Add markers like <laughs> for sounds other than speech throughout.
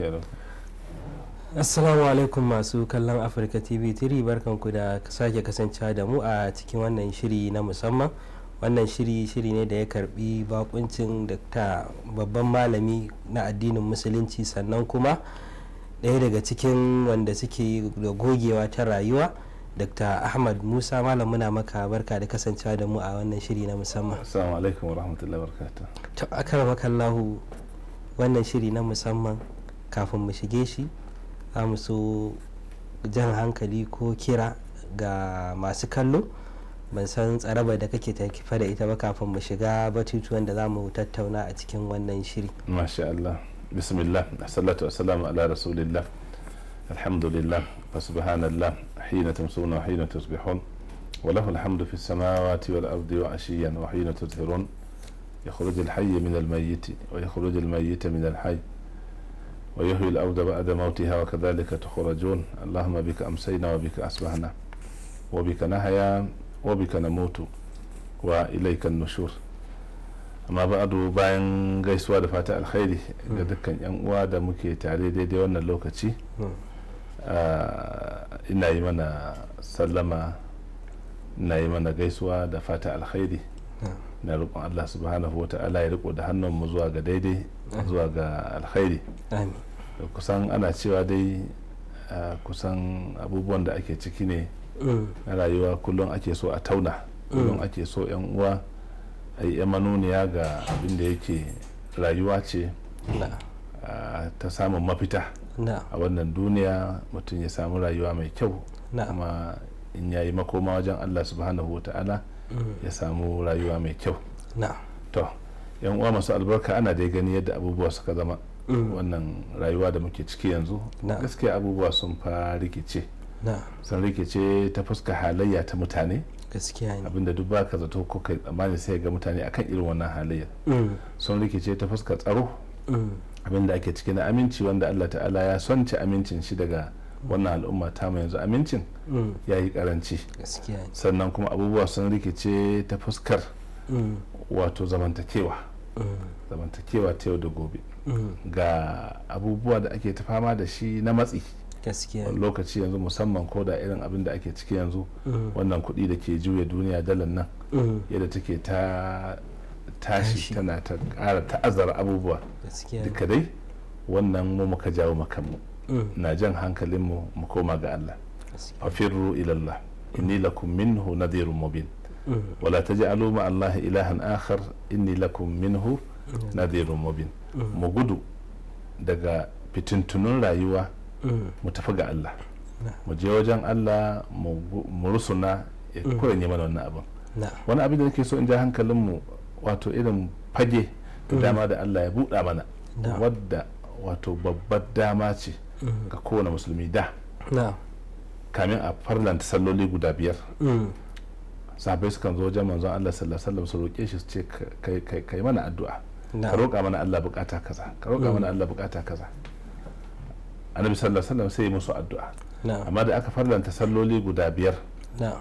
lafiya assalamu alaikum masu kallon afirka tv 3 barkanku da sake kasancewa da mu a cikin wannan shiri na musamman wannan shiri shiri ne da ya karbi bakuncin ta babban malami na addinin musulunci sannan kuma ɗaya daga cikin wanda suke da gogewa ta rayuwa dr ahmad musa malam muna maka barka da kasancewa da mu a wannan shiri na musamman assalamu alaikum wa rahmatullahi wa barakatuh to akar makallahu wannan shiri na musamman kafin mu shige shi mu so jan hankali ko kira ga masu kallo ban san tsarabar da kake tafe da ita ba kafin mu shiga batutuwan da za mu tattauna a cikin wannan shiri masha Allah bismillah salatu wassalamu ala rasulillah alhamdulillah wa subhanallah hina tamsuna wa hina tusbihun wa lahu alhamdu fi samawati wal ardi wa ashiyan wa hina tudhirun يخرج الحي من الميت ويخرج الميت min الحي ويهوي الأود بعد موتها وكذلك تخرجون اللهم بك أمسينا وبك أصبحنا وبك نهيا وبك نموت وإليك النشور amma ba ado bayan gaisuwa da fata alkhairi ga dukkan yan uwa da muke tare daidai wannan lokaci ina yi mana sallama na yi mana gaisuwa da fata alkhairi na roƙon allah subhanahu wa ta'ala ya riko da hannun mu zuwa ga daidai zuwa ga alkhairi kusan ana cewa dai kusan abubuwan da ake ciki ne eh. na rayuwa kullum ake so a tauna eh. kullum ake so yan uwa a yi manuniya ga abin da yake rayuwa ce ta samun mafita a wannan duniya mutum ya samu rayuwa mai kyau kuma in ya yi makoma wajen allah subhanahu wa ta'ala eh. ya samu rayuwa mai kyau to yan uwa masu albarka ana dai gani yadda abubuwa suka zama wannan rayuwa da muke ciki yanzu gaskiya abubuwa sun fa rikice sun rikice ta fuska halayya ta mutane gaskiya abinda duk baka zato ko kai tsammani sai ga mutane akan irin wannan halayya. Mm. sun rikice ta fuska tsaro mm. abinda ake ciki na aminci wanda Allah ta'ala ya son ci amincin shi daga wannan al'umma ta mu yanzu amincin mm. ya yi karanci sannan kuma abubuwa sun rikice ta fuskar wato zamantakewa zamantakewa ta yau da gobe ga abubuwa da ake ta fama da shi na matsi gaskiya lokaci yanzu musamman ko da irin abin da ake ciki yanzu mm. wannan kuɗi da ke juya duniya dalar nan mm. yadda take ta tashi tana ta ƙara ta'azzara abubuwa duka dai wannan mu muka jawo makanmu mm. na jan hankalinmu mu koma ga Allah firru ilallah inni lakum minhu nadhirun mubin wala taj'alu ma Allah ilahan akhar inni lakum minhu nadhirun mubin mu gudu daga fitintunun rayuwa mm. mu tafi ga Allah mu je wajen Allah mu rusuna ya mm. kuranye mana wannan abin wani abin da nake so in ja hankalinmu wato irin fage da mm. dama da Allah ya buɗa mana wadda wato babbar dama ce ga kowane musulmi da kamin a farlanta salloli guda biyar sabai sukan zo wajen manzon Allah sallallahu alaihi wasallam su roƙe shi su ce kai mana addu'a ka roƙa mana Allah bukata kaza ka roƙa mana mm. Allah bukata kaza annabi sallallahu alaihi wasallam sai ya musu addu'a amma da aka farlanta salloli guda biyar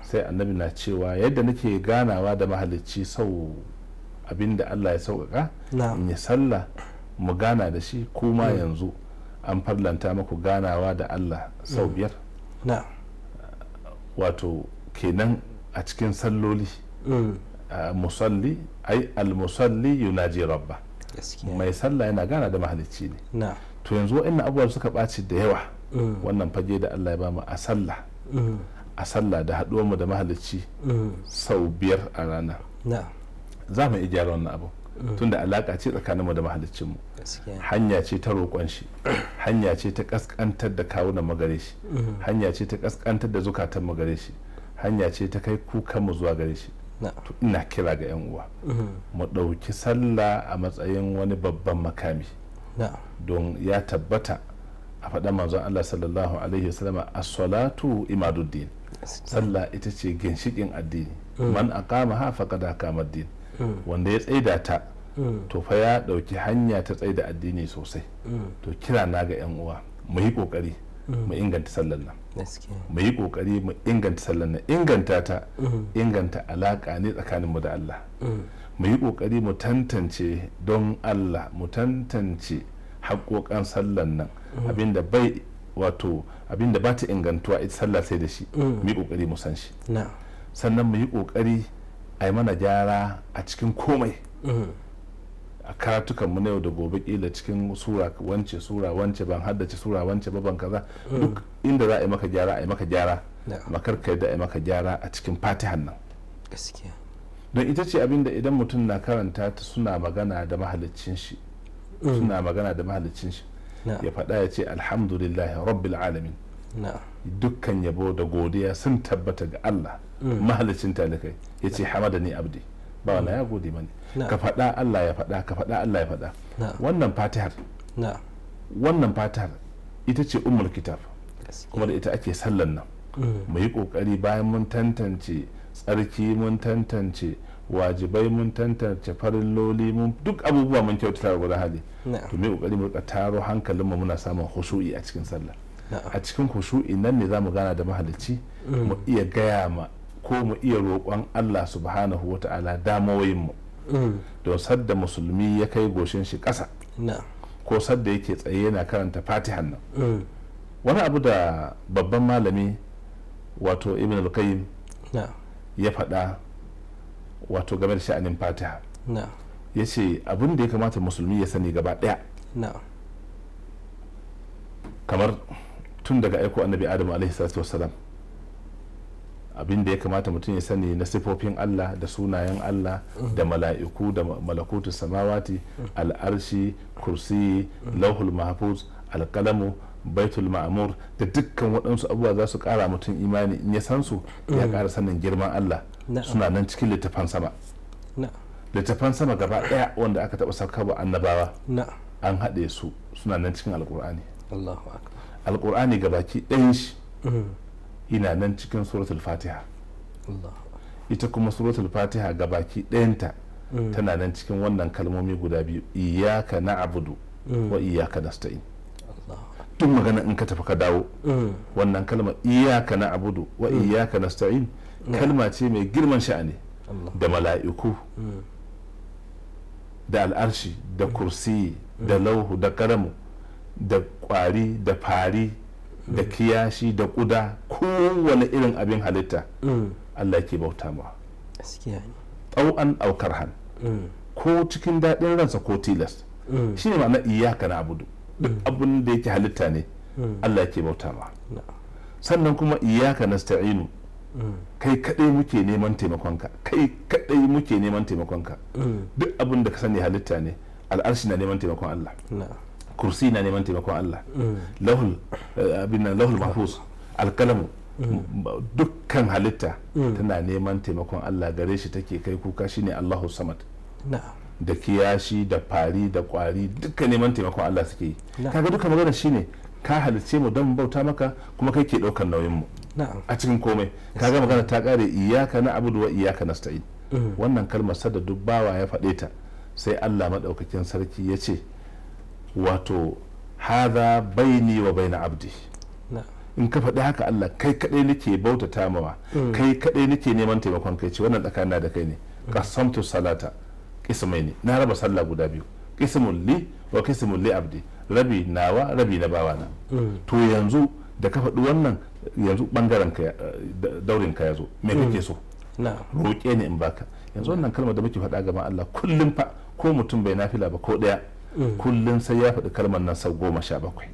sai annabi na cewa yadda nake ganawa da mahalicci sau abinda Allah ya sauƙaƙa in ya sallah mu gana da shi kuma mm. yanzu an farlanta maku ganawa da Allah sau mm. biyar wato kenan a cikin salloli musalli ai almusalli yunaji rabba mai sallah yana gana da mahalicci ne to yanzu wa'annan abubuwan suka ɓaci da yawa wannan fage da allah ya bamu a sallah a sallah da mu da mahalicci sau biyar a rana za mu iya gyara wannan abu tunda alaƙa ce tsakaninmu da mahaliccinmu hanya ce ta roƙon shi hanya ce ta ƙasƙantar da kawunan magare shi hanya ce ta ƙasƙantar da zukatan magare shi hanya ce ta kai mu zuwa gare shi to ina kira ga 'yan uwa mhm. mu ɗauki sallah a matsayin wani babban makami don ya tabbata a faɗa manzon Allah sallallahu alaihi wasallama as-salatu imaduddin sallah ita ce ginshikin addini mhm. man aqama ha faqad aqama ad-din mhm. wanda ya tsaida ta to fa ya ɗauki hanya ta tsaida addini sosai to kira na ga 'yan uwa mu yi kokari mu inganta sallar nan mu yi kokari mu inganta sallan nan inganta ta mm-hmm. inganta alaka ne tsakanin mu da Allah mm. mu yi kokari mu tantance don Allah mu tantance haƙoƙan sallan nan mm-hmm. abinda bai wato abinda ba ta ingantuwa ita sallah sai da shi mm. mu yi kokari mu san shi sannan mu yi kokari a mana gyara a cikin komai mm-hmm. a karatukan mu na yau da gobe kila cikin sura wance sura wance ban haddace sura wance ba ban kaza mm. duk inda za a yi maka gyara a yi maka gyara makar ka da a yi maka gyara a cikin fatihan nan gaskiya don ita ce abin da idan mutum na karanta ta suna magana da mahalicin shi mm. suna magana da mahalicin shi ya faɗa ya ce alhamdulillah rabbil alamin dukkan yabo da godiya sun tabbata ga Allah mm. mahalicin talikai ya ce hamada ni abdi ba wala mm. ya gode mani. ka faɗa Allah ya faɗa ka faɗa Allah ya faɗa wannan fatihar wannan fatihar ita ce ummul kitab kuma da ita ake sallan nan mm. mu yi kokari bayan mun tantance tsarki mun tantance wajibai mun tantance farin loli mun duk abubuwa mun kyautata da gudan hali to mu kokari mu taro hankalinmu muna samun husu'i a cikin sallah a cikin husu'i nan ne za mu gana da mahalicci mu mm. iya gaya ma ko mu iya roƙon allah subhanahu wa ta'ala mu. Mm. to sadda musulmi ya kai goshin shi ƙasa ko sadda yake tsaye yana karanta fatihan nan mm. wani abu da babban malami wato ibn al-qayyim ya faɗa wato game da sha'anin fatiha ya ce abin da ya kamata musulmi ya sani gaba ɗaya kamar tun daga aiko annabi adamu alaihi salatu wasalam abin da ya kamata mutum ya sani na sifofin Allah da sunayen Allah da mala'iku da malakutu samawati al'arshi kursi lauhul mahfuz alkalamu baitul ma'amur da dukkan waɗansu abubuwa za su ƙara mutum imani in ya san su ya mm. ƙara sanin girman Allah suna nan cikin littafan sama littafan sama gaba ɗaya wanda aka taɓa saukarwa annabawa an haɗe su suna nan cikin alƙur'ani alƙur'ani gabaki ɗayan shi mm. ina nan cikin suratul fatiha ita kuma suratul fatiha ga baki ɗayanta mm. tana nan cikin wannan kalmomi guda biyu iyaka na abudu mm. wa iyaka nasta'in duk magana in ka tafi ka dawo mm. wannan kalma iyaka na abudu wa iyaka nasta'in kalma ce mai girman sha'ani da mala'iku da al'arshi da kursi da lauhu da karamu da kwari da fari da kiyashi da kuda kowane irin abin halitta mm. Allah ke bauta ma ɗau'an aukar han mm. ko cikin daɗin ransa ko tilas mm. shi ne ma'ana iyaka na abudu abin da yake halitta ne Allah ke bauta ma sannan kuma iyaka sta'inu kai kadai muke neman taimakonka kai kadai muke neman taimakonka duk abin da ka sani halitta ne al'arshi na neman taimakon Allah kursi na neman taimakon Allah mm. lahul eh, abin nan lahul mahfuz alkalamu mm. dukkan halitta mm. tana neman taimakon Allah gare shi take kai kuka shine Allahu samad da kiyashi da fari da kwari duka neman taimakon Allah suke yi kaga duka magana shine ka halice mu don bauta maka kuma kai ke daukar nauyin mu a cikin komai kaga magana ta kare iyaka na abudu wa iyaka nasta'in wannan kalmar sada dubbawa ya faɗe ta sai Allah madaukakin sarki ya ce wato hadha baini wa baina abdi in ka faɗi haka Allah kai kaɗai nake bautata tamawa mm. kai kaɗai nake neman taimakon kai ce wannan tsakanin da kai ne mm. qasamtu salata qismai ne na raba sallah guda biyu qismun li wa qismun li abdi rabi nawa rabi na bawa na. Mm. to yanzu da ka faɗi wannan yanzu bangaren ka daurin ka yazo me kake so roƙe ne in baka yanzu wannan kalmar da muke faɗa gaban Allah kullum fa ko mutum bai nafila ba ko ɗaya Mm. kullum sai ya faɗi kalmar nan sau goma sha bakwai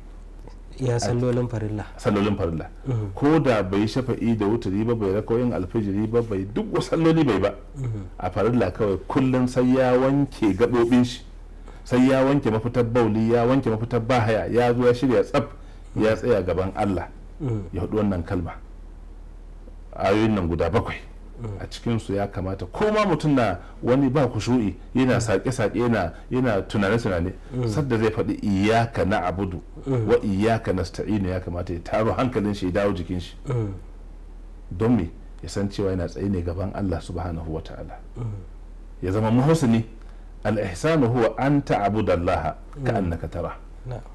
ya sallolin farilla sallolin farilla mm. ko da bai shafa'i da wuturi ba bai yin alfijiri ba bai duk salloli bai ba mm. a farilla kawai kullum sai ya wanke gaɓoɓin shi sai ya wanke mafitar bauli ya wanke mafitar bahaya ya zo ya shirya tsaf ya tsaya gaban allah ya haɗu wannan kalma ayoyin nan guda bakwai a cikinsu ya kamata ko ma mutum na wani ba kushu'i yana sake-sake yana tunane-tunane sadda zai faɗi iyaka na abudu wa iyaka na sta'ina ya kamata ya taro hankalin shi ya dawo jikin shi don me ya san cewa yana tsaye ne gaban Allah subhanahu wa ta'ala ya zama muhusini al-ihsanu huwa an ta'budallaha ka annaka tara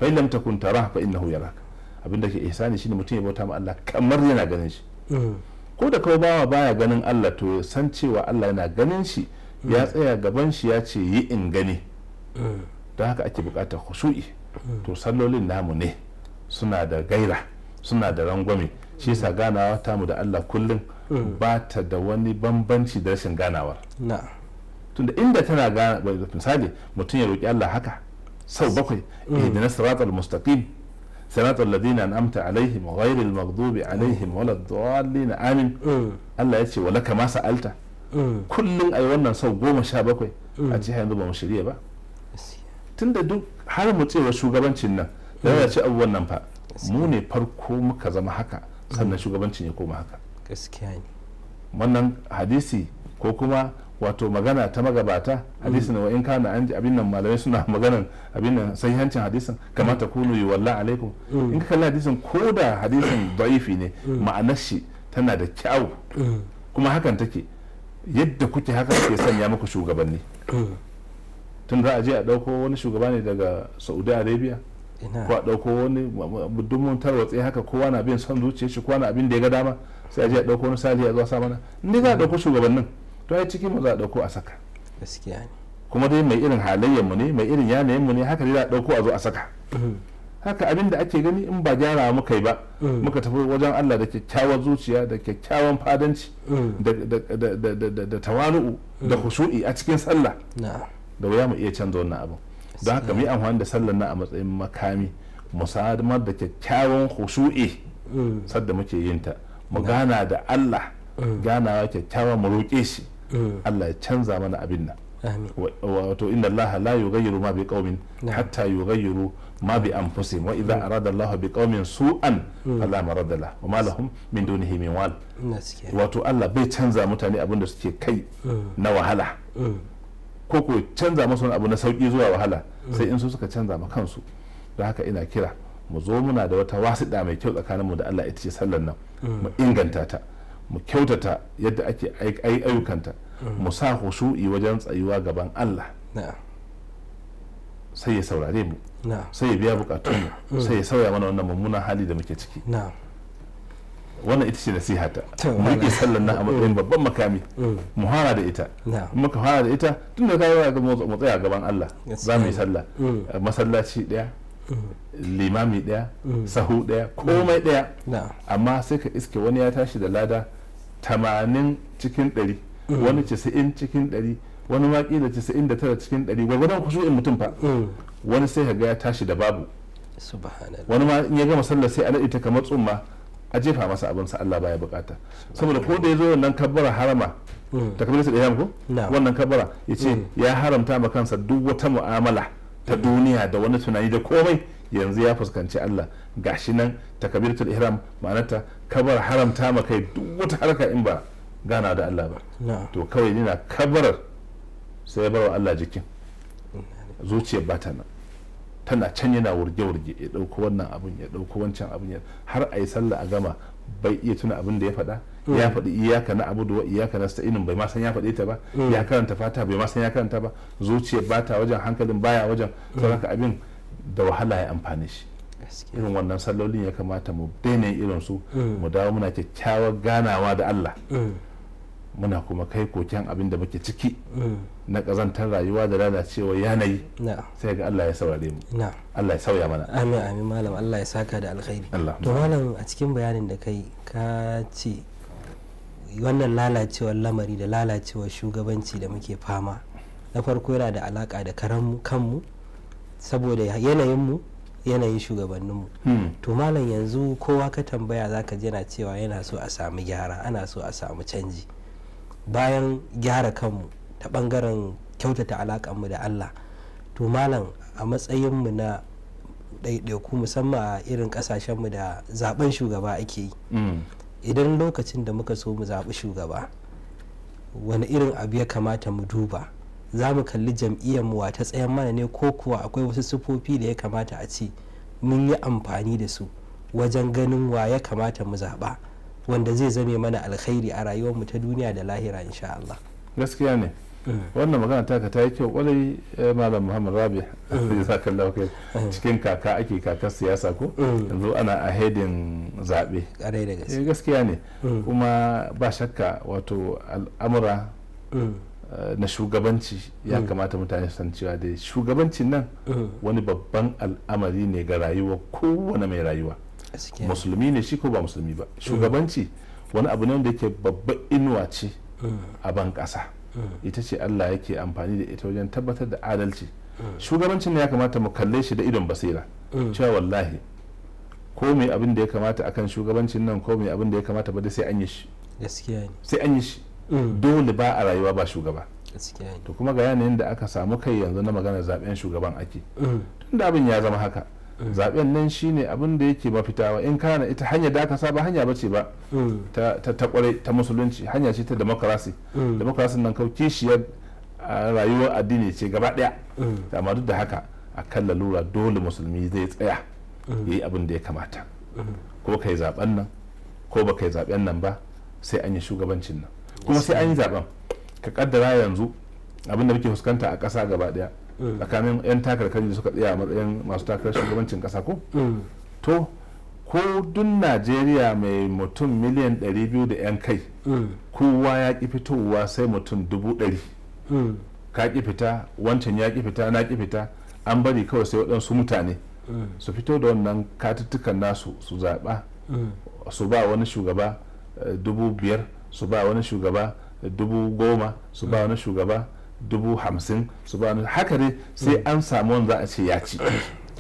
fa in lam takun tara fa innahu yaraka abinda ke ihsani shine mutum ya bauta ma Allah kamar yana ganin shi mm. ko da kawai bawa baya ganin Allah to ya san cewa Allah yana ganin shi ya mm. tsaya gaban shi ya ce yi in gani mm. don haka ake bukatar khushu'i to sallolin namu ne suna da gaira suna da rangwame shi yasa ganawa ta mu da Allah kullum mm. ba ta da wani bambanci da rashin ganawar tunda inda tana gana misali mutum ya roki Allah haka sau bakwai idan nasratul mustaqim صراط الذين انعمت عليهم غير المغضوب عليهم ولا الضالين امين Allah ya ce wa سالت ma sa'alta kullum wannan sau goma sha bakwai a ce yanzu ba mu shirya ba tunda duk har mu cewa shugabancin nan da ya ce abubuwan nan fa mu ne farko muka zama haka sannan shugabancin ya koma haka gaskiya ne wannan hadisi ko kuma wato magana ta magabata hadisin mm. wa in kana an abin nan malamai suna <laughs> maganan abin nan sahihancin hadisin kamata mm. kunu yi walla alaikum mm. in ka kalli hadisin ko da hadisin da'ifi ne ma'anar shi tana da kyau kuma hakan take yadda kuke haka ke sanya muku shugabanni tun za a je a ɗauko wani shugaba ne daga saudi arabia ko a ɗauko wani dumin tarwatsi haka kowa na bin son zuciya shi kowa na abin da ya ga dama sai a je a ɗauko wani saliya zuwa sa mana in za a ɗauko shugabannin to ai ciki mu za a dauko a saka gaskiya ne kuma dai mai irin halayyar mu ne mai irin yanayin mu ne haka dai za a dauko a zo a saka mm-hmm. haka abin da ake gani in ba gyara muka yi ba mm-hmm. muka tafi wajen Allah da kyakkyawar zuciya da kyakkyawan fadanci mm-hmm. da tawanu'u da husu'i a cikin sallah da wuya mu iya canza wannan abin don haka mu yi amfani da sallar na a matsayin makami musamman da kyakkyawan husu'i sadda muke yin ta mu gana da Allah ganawa kyakkyawan mu roƙe shi Allah ya canza mana abin nan wato inda Allah la yughayyiru ma biqaumin hatta yughayyiru ma bi anfusihim wa idza mm. arada Allah biqaumin su'an mm. fala marada la wa ma lahum min dunihi min wal wato Allah bai canza mutane abin da suke kai mm. na wahala ko ko canza masu wani abu na sauki zuwa wahala sai in su suka canza ma kansu don haka ina kira mu zo muna da wata wasiɗa mai kyau tsakaninmu da Allah ita ce sallar nan mu inganta ta mu kyautata yadda ake ayyukanta mm. mu sa husu'i wajen tsayuwa gaban Allah sai ya saurare mu sai ya biya bukatunmu mm. sai ya sauya mana wannan mummunan hali da muke ciki wannan ita ce ta. mu rike sallan nan a matsayin mm. babban makami mu fara da ita muka fara da ita tun da kai ga mu tsaya gaban Allah za mu yi sallah masallaci daya limami daya sahu daya komai daya amma sai ka iske wani ya tashi da lada 80 cikin 100 mm. wani 90 cikin 100 wani ma kila 99 cikin 100 gwargwadon in mutum fa mm. wani sai ka ga ya tashi da babu wani ma in ya gama sallar sai a ta kamar tsumma a jefa masa abin sa Allah baya bukata saboda ko da yazo wannan kabbara harama mm. takbiratul ihram ko wannan kabbara yace ya haramta ma kansa duk wata mu'amala ta duniya da wani tunani da komai yanzu ya fuskanci Allah gashi nan takabiratul ihram ma'anarta kabar haramta ma kai duk wata harka in ba gana da Allah ba to kawai yana kabarar sai ya barwa Allah jikin zuciyar ba ta nan tana can yana wurge-wurge ya ɗauko wannan abin ya dauko wancan abin har a yi sallah a gama bai iya tuna abin da ya faɗa ya mm. faɗi iyaka na abu wa iyaka na sta'inin bai ma san ya faɗe ta ba mm. ya karanta fata bai ma san ya karanta ba zuciyar ba ta wajen hankalin baya wajen mm. sauraka abin da wahala ya amfani shi irin wannan sallolin ya kamata mu daina irin su mm. mu dawo muna kyakkyawar ganawa da Allah mm. muna kuma kai koken abin da muke ciki mm. na kazantar rayuwa da lalacewa yanayi sai ga Allah ya saurare mu Allah ya sauya mana amin amin malam Allah ya saka da alkhairi to malam a cikin bayanin da kai ka ce wannan lalacewar lamari da lalacewar shugabanci da muke fama na farko yana da alaka da karan kanmu saboda yanayin mu yanayin shugabannin mu. Hmm. to malam yanzu kowa ka tambaya zaka ji na cewa yana so a samu gyara ana so a samu canji bayan gyara kanmu ta bangaren kyautata mu da allah to malam a mu na ɗaiɗaiku musamman a irin mu da zaben shugaba ake yi hmm. idan lokacin da muka so mu zaɓi shugaba wani irin abu ya kamata mu duba za mu kalli jam'iyyar mu ta tsayan mana ne ko kuwa akwai wasu sufofi da ya kamata a ce mun yi amfani da su wajen ganin wa ya kamata mu zaɓa wanda zai zame mana alkhairi a rayuwar mu ta duniya da lahira insha Allah gaskiya ne wannan magana taka ta yi kyau kwarai eh, malam muhammad rabi mm. jazakallahu mm. cikin kaka ake kakar siyasa ko mm. yanzu ana a hedin zaɓe eh, gaskiya ne kuma ba shakka wato al'amura na shugabanci ya mm. kamata mutane su san cewa da shugabanci nan mm. wani babban al'amari ne ga rayuwa kowane mai rayuwa musulmi ne shi ko ba musulmi ba mm. shugabanci wani abu ne wanda yake babban inuwa ce a ban ƙasa ita ce allah yake amfani da ita wajen tabbatar da adalci shugabancin ne ya kamata mu kalle shi da idon basira cewa wallahi ko mai abin da ya kamata akan shugabancin nan ko mai abin da ya kamata ba sai an yi shi sai an yi shi dole ba a rayuwa ba shugaba to kuma ga yanayin da aka samu kai yanzu na magana zaben shugaban ake tun da abin ya zama haka zaben nan shine abin da yake mafitawa in kana ita hanya da aka saba hanya bace ba ta ta kware ta musulunci hanya ce ta demokrasi demokrasi nan kauke shi rayuwar addini ce gaba daya amma duk da haka a kan lalura dole musulmi zai tsaya ya yi abin da ya kamata ko kai zaben nan ko ba kai zaben nan ba sai an yi shugabancin nan kuma sai an yi zaɓen ka kaddara yanzu abinda muke fuskanta a ƙasa gaba daya mm. tsakanin yan takarkari da suka tsaya a matsayin masu takarar shugabancin ƙasa ko mm. to ko duk najeriya mai mutum miliyan 200 da 'yan kai mm. kowa ya ƙi fitowa sai mutum 100 ka ƙi fita wancan ya ƙi fita na ƙi fita an bari kawai sai waɗansu mutane su fito da wannan katuttukan nasu su zaɓa su ba wani shugaba eh, dubu biyar. su ba wani shugaba dubu goma su ba wani shugaba dubu hamsin su ba wani haka ne sai mm. an samu wanda za a ce ya ci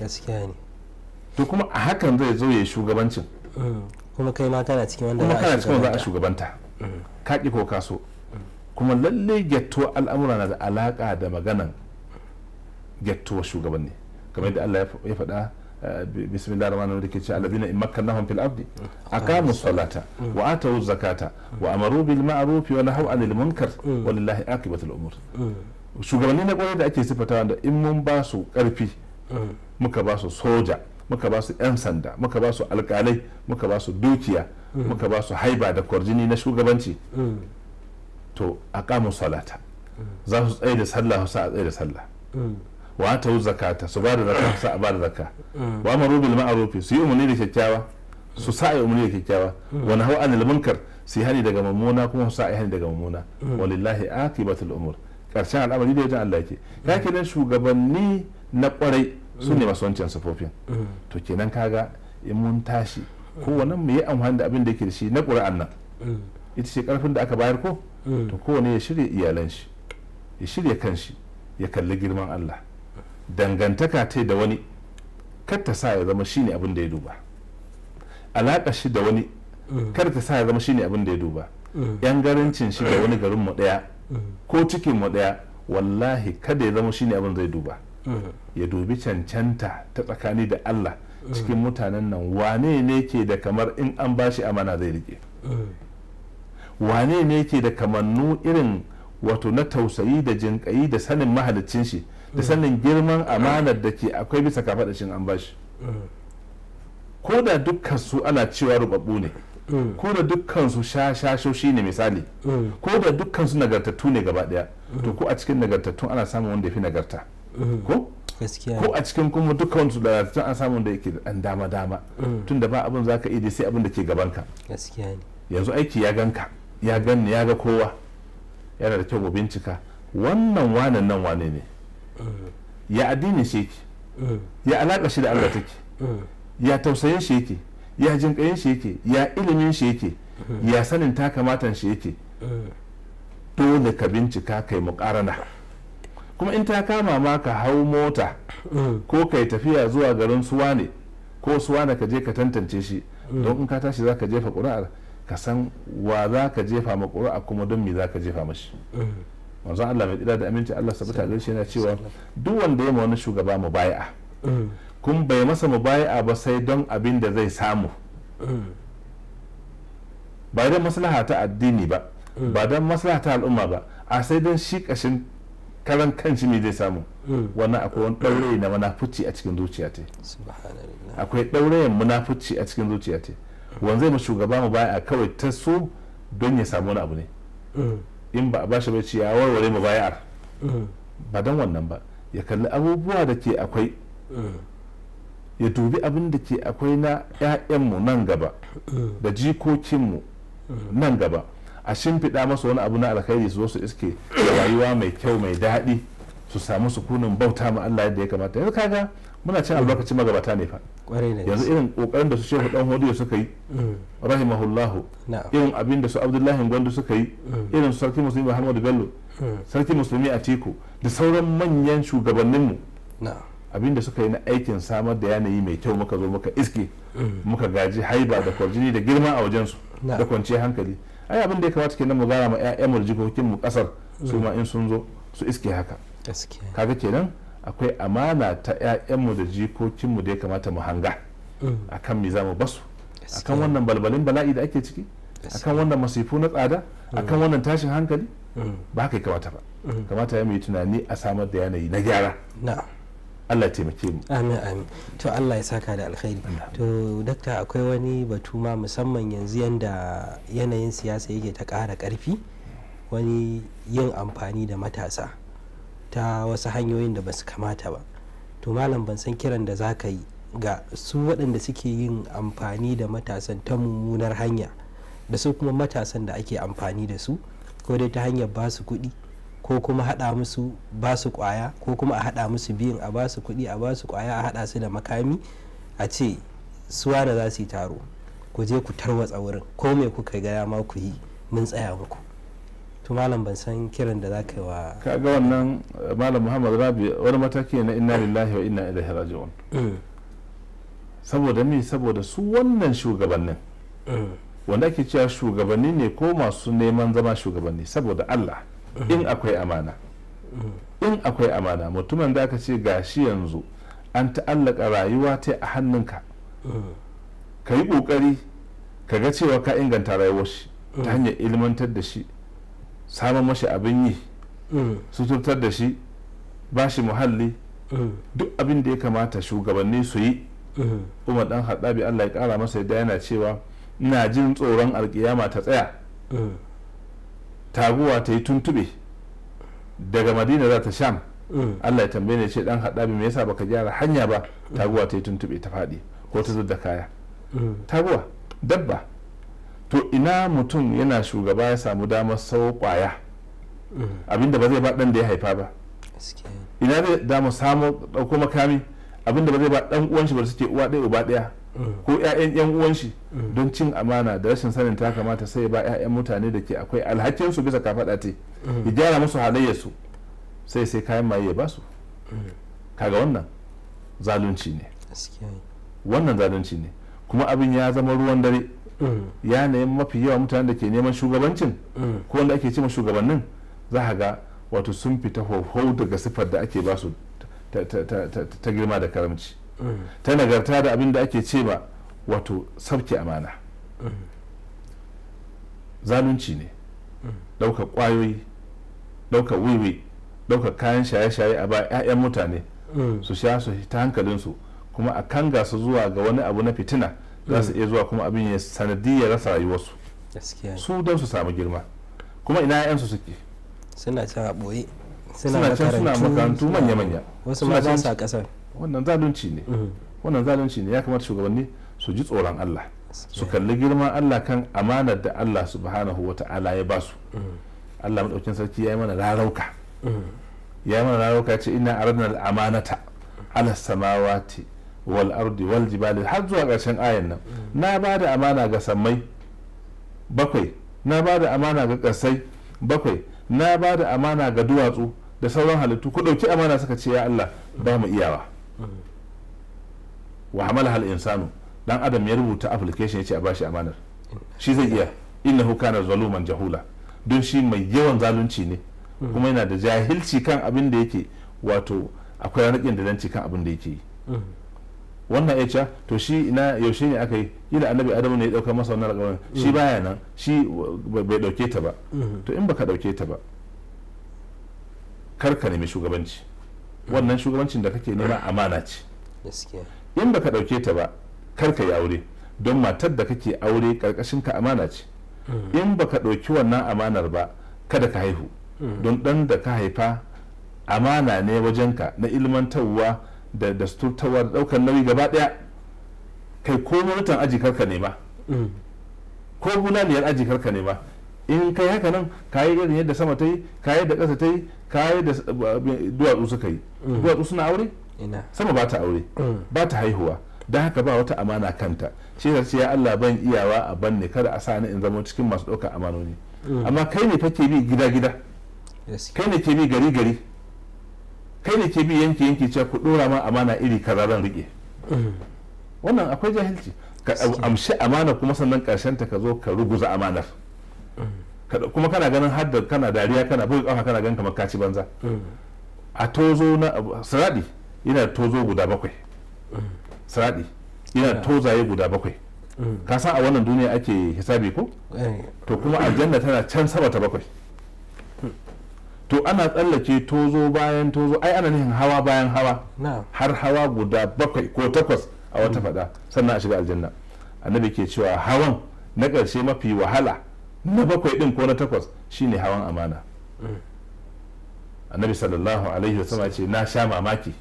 gaskiya ne to kuma a hakan zai zo ya shugabancin mm. kuma kai ma kana cikin wanda kuma kana cikin wanda a shugabanta mm. ka ki ko kaso kuma lalle getto al'amura na da alaka da maganan getto shugabanni kamar yadda Allah ya faɗa Eh, bismillahir rahmanir rikici dake ce alladhina in makkannahum fil ardi aqamu salata wa atu zakata wa amaru bil ma'ruf wa nahaw umur mm. shugabanni na kwarai da ake sifata da in mun ba su karfi mm. muka ba su soja muka ba su 'yan sanda muka ba su alkalai muka ba su dukiya mm. muka ba su haiba da kwarjini na shugabanci to a salata za su tsaye da sallah su a tsaye da sallah wa ta zakata su ba da zakata su ba da zakata wa amaru bil ma'ruf su yi umarni da kyakkyawa su sa yi umarni da kyakkyawa wa nahu anil munkar su hani daga mummuna kuma su sa yi hani daga mummuna walillahi akibatul umur karshen al'amari da wajen Allah ke ka kenan shugabanni na kwarai su ne masu wancan sufofin to kenan kaga in mun tashi kowane mu yi amfani da abin da yake da shi na ƙura'an nan ita ce karfin da aka bayar ko to kowane ya shirya iyalan shi ya shirya kan shi ya kalli girman Allah dangantaka ta da wani kar ta sa ya zama shine abin da ya duba alaƙa shi da wani mm. kar ta sa ya zama shine abin da ya duba mm. yan garancin shi da wani garin mu ɗaya mm. ko cikin mu ɗaya wallahi kada ya zama shine abin zai duba ya dubi cancanta ta tsakani da Allah cikin mutanen nan wane ne ke da kamar in an bashi amana zai rike wane ne ke da kamannu irin wato na tausayi da jinƙayi da sanin mahalicin shi da sanin girman amanar da ke akwai bisa kafaɗashin an bashi ko da dukkan su ana cewa rubabbu ne ko da dukkan su shashashoshi ne misali ko da dukkan su nagartattu ne gaba daya to ko a cikin nagartattun ana samun wanda ya fi nagarta ko ko a cikin kuma dukkan su nagartattun ana samun wanda yake dan dama dama tun da ba abin za ka iya sai abin da ke gaban ka yanzu aiki ya ganka ya ganni ya ga kowa yana da kyau mu bincika wannan wanan nan wane ne Mm. ya addinin shi yake mm. ya alaƙa shi da Allah take mm. ya tausayin shi yake ya jinƙayin shi yake ya ilimin shi yake ya sanin ta kamatan shi yake dole ka bincika kai muƙarana kuma in ta kama ma ka hau mota ko kai tafiya zuwa garin suwa ne ko suwa ka je ka tantance shi don in ka tashi za ka jefa ƙuri'ar ka san wa za ka jefa ma ƙuri'a kuma don me za ka jefa mashi manzon Allah mai tsira da aminci Allah sabu gare shi yana cewa duk wanda ya ma wani shugaba mu mubaya mm. kun bai masa mu mubaya ba sai don abin da zai samu mm. ba don maslaha ta addini ba mm. ba don maslaha ta al'umma ba a sai don shi kashin karan kanshi ne zai samu wannan akwai wani ɗaure na munafuci a cikin zuciya te akwai ɗaurayen munafuci a cikin zuciya te wanzai mu shugaba mu baya kawai ta so don ya samu wani abu ne in ba a bashi bai ce ya warware mu bayar mm. ba don wannan ba ya kalli abubuwa da ke akwai mm. ya dubi abin da ke akwai na 'ya'yanmu nan gaba mm. da jikokinmu nan gaba a shimfiɗa masa wani abu na alkhairi su zo su iske rayuwa mai kyau mai daɗi su samu sukunin bauta ma Allah yadda ya kamata yanzu kaga muna cin albarkacin magabata ne fa yanzu irin kokarin da su shehu dan hodiyo suka yi mm. rahimahullahu irin abin da su abdullahi gwandu suka yi mm. irin sarki musulmi muhammadu bello mm. sarki musulmi a teku da sauran manyan shugabanninmu abin da suka yi na aikin samar da yanayi mai kyau muka zo muka iske muka gaji haiba da kwarjini da girma a wajensu da kwanciyar hankali ai abin da ya kamata kenan mu gara ma 'ya'yan mu mu kasar su ma in sun zo su iske haka kaga kenan akwai amana ta 'ya'yanmu da jikokinmu da ya kamata mu hanga mm. kan mi za mu basu kan wannan balbalin bala'i da ake ciki a kan wannan masifu na tsada mm. a kan wannan tashin hankali mm. ba haka ya kamata ba kamata ya yi tunani a samar da yanayi na gyara Allah taimake mu amin amin to Allah ya saka da alkhairi to dakta akwai wani batu ma musamman yanzu yanda yanayin siyasa yake ta ƙara ƙarfi wani yin amfani da matasa ta wasu hanyoyin da ba su kamata ba to malam ban san kiran da za ka yi ga su waɗanda suke yin amfani da matasan ta mummunar hanya da su kuma matasan da ake amfani da su ko dai ta hanyar ba su kuɗi ko kuma haɗa musu ba su ƙwaya ko kuma a haɗa musu biyun a ba su kuɗi a ba su ƙwaya a haɗa su da makami a ce suwa da za su yi taro ku je ku tarwatsa wurin ko me kuka gaya ma ku yi mun tsaya muku to malam ban san kiran da za ka yi wa kaga wannan eh, malam muhammad rabi wani mataki na inna lillahi wa inna ilaihi raji'un mm. saboda me saboda su wannan shugabannin mm. wanda ake cewa shugabanni ne ko masu neman zama shugabanni saboda allah mm. in akwai amana in akwai amana mutumin da aka ce gashi yanzu an ta'allaka rayuwa ta a hannunka ka yi kokari ka ga cewa ka inganta rayuwar shi ta hanyar ilmantar da shi samun mashi abin yi mm. suturtar da shi ba shi muhalli mm. duk abin da ya kamata shugabanni su yi mm. umar dan haɗabi allah ya kara masa yadda yana cewa ina jin tsoron alkiyama ta tsaya taguwa ta yi tuntube daga madina za ta sham allah ya tambaye ne ce dan haɗabi me yasa baka gyara hanya ba taguwa ta yi tuntube ta faɗi ko ta da kaya taguwa dabba to ina mutum yana shugaba ya samu damar sau kwaya mm. abinda ba zai ba dan da ya haifa ba ina zai damar samu dauko makami abinda ba zai ba dan uwan shi ba suke uwa ɗaya uba ɗaya mm. ko ƴaƴan ƴan uwan shi mm. don cin amana da rashin sanin ta kamata sai ba ƴaƴan mutane da ke akwai alhakinsu su bisa kafaɗa te ya gyara musu halayyar su sai sai kayan maye ya basu kaga wannan zalunci ne wannan zalunci ne kuma abin ya zama ruwan dare Mm. yanayin mafi yawa mutanen da ke neman shugabancin mm. ko wanda ake cewa shugabannin za a ga wato sun fita hoho daga siffar da ake basu ta girma da karamci mm. ta nagarta da abin da ake ce ba wato sauke amana zalunci ne ɗaukar ƙwayoyi ɗaukar wiwi ɗaukar kayan shaye-shaye a ba 'ya'yan mutane su sha su ta hankalinsu kuma a kanga su zuwa ga wani abu na fitina za su mm. iya zuwa kuma abin ya sanadiyya rasa rayuwarsu su don su samu girma kuma ina yansu suke suna can a ɓoye suna can suna makarantu manya-manya wasu ma ba sa ƙasar wannan zalunci ne mm. wannan zalunci ne ya kamata shugabanni su ji tsoron Allah su kalli girman Allah kan amanar da Allah subhanahu wa ta'ala ya basu mm. Allah madaukin sarki ya yi mana rarauka ya yi mana rarauka ce ina aradna al-amanata ala samawati wal ardi wal jibali har zuwa karshen ayan nan na ba da amana ga sammai bakwai na ba da amana ga kasai bakwai na ba da amana ga duwatsu da sauran halittu ku ɗauki amana suka ce ya Allah ba mu iyawa wa hamala hal insanu dan adam ya rubuta application yace a bashi amanar shi zai iya innahu kana zaluman jahula don shi mai yawan zalunci ne kuma yana da jahilci kan abin da yake wato akwai ranakin da zanci kan abin da yake yi wannan ya ce to shi ina yaushe ne aka yi kila annabi adamu ne ya dauka masa wannan alƙawarin shi baya nan shi bai dauke ta ba mm-hmm. to in baka dauke ta ba kar ka nemi shugabanci wannan shugabancin da kake nema amana ce in baka dauke ta ba kar ka yi aure don matar da kake aure karkashin ka amana ce mm-hmm. in baka dauki wannan amanar ba kada ka haihu mm-hmm. don dan da ka haifa amana ne wajenka na ilmantarwa da da daukar nauyi gaba daya kai ko mutan aji karka ne ba mm. ko gudaniyar aji karka ne ba in kai haka nan kayi irin yadda sama ta yi yi da ƙasa ta yi yi da duwatsu suka yi mm. duwatsu suna aure sama ba ta aure mm. ba ta haihuwa don haka ba wata amana kanta shi ce ya Allah ban iyawa a ban ne kada a sani in zama cikin masu ɗaukar amanoni amma kai ne ke bi gida gida kai ne ke bi gari gari kai ne ke bi yanki yanki cewa ku dora ma amana iri kaza zan rike wannan akwai jahilci ka amshi amana kuma sannan karshen ta ka zo ka ruguza amanar kuma kana ganin haddar kana dariya kana buga kafa kana ganin kamar kaci banza a tozo na siradi yana tozo guda bakwai siradi yana tozaye guda bakwai ka san a wannan duniya ake hisabi ko eh. to kuma aljanna tana can sabata bakwai to ana tsallake tozo bayan tozo ai ana nihin hawa bayan hawa har hawa guda bakwai ko takwas a wata mm. fada sannan a shiga aljanna annabi ke cewa hawan na ƙarshe mafi wahala na bakwai din ko na takwas shine hawan amana mm. annabi sallallahu alaihi wasallam ce na sha mamaki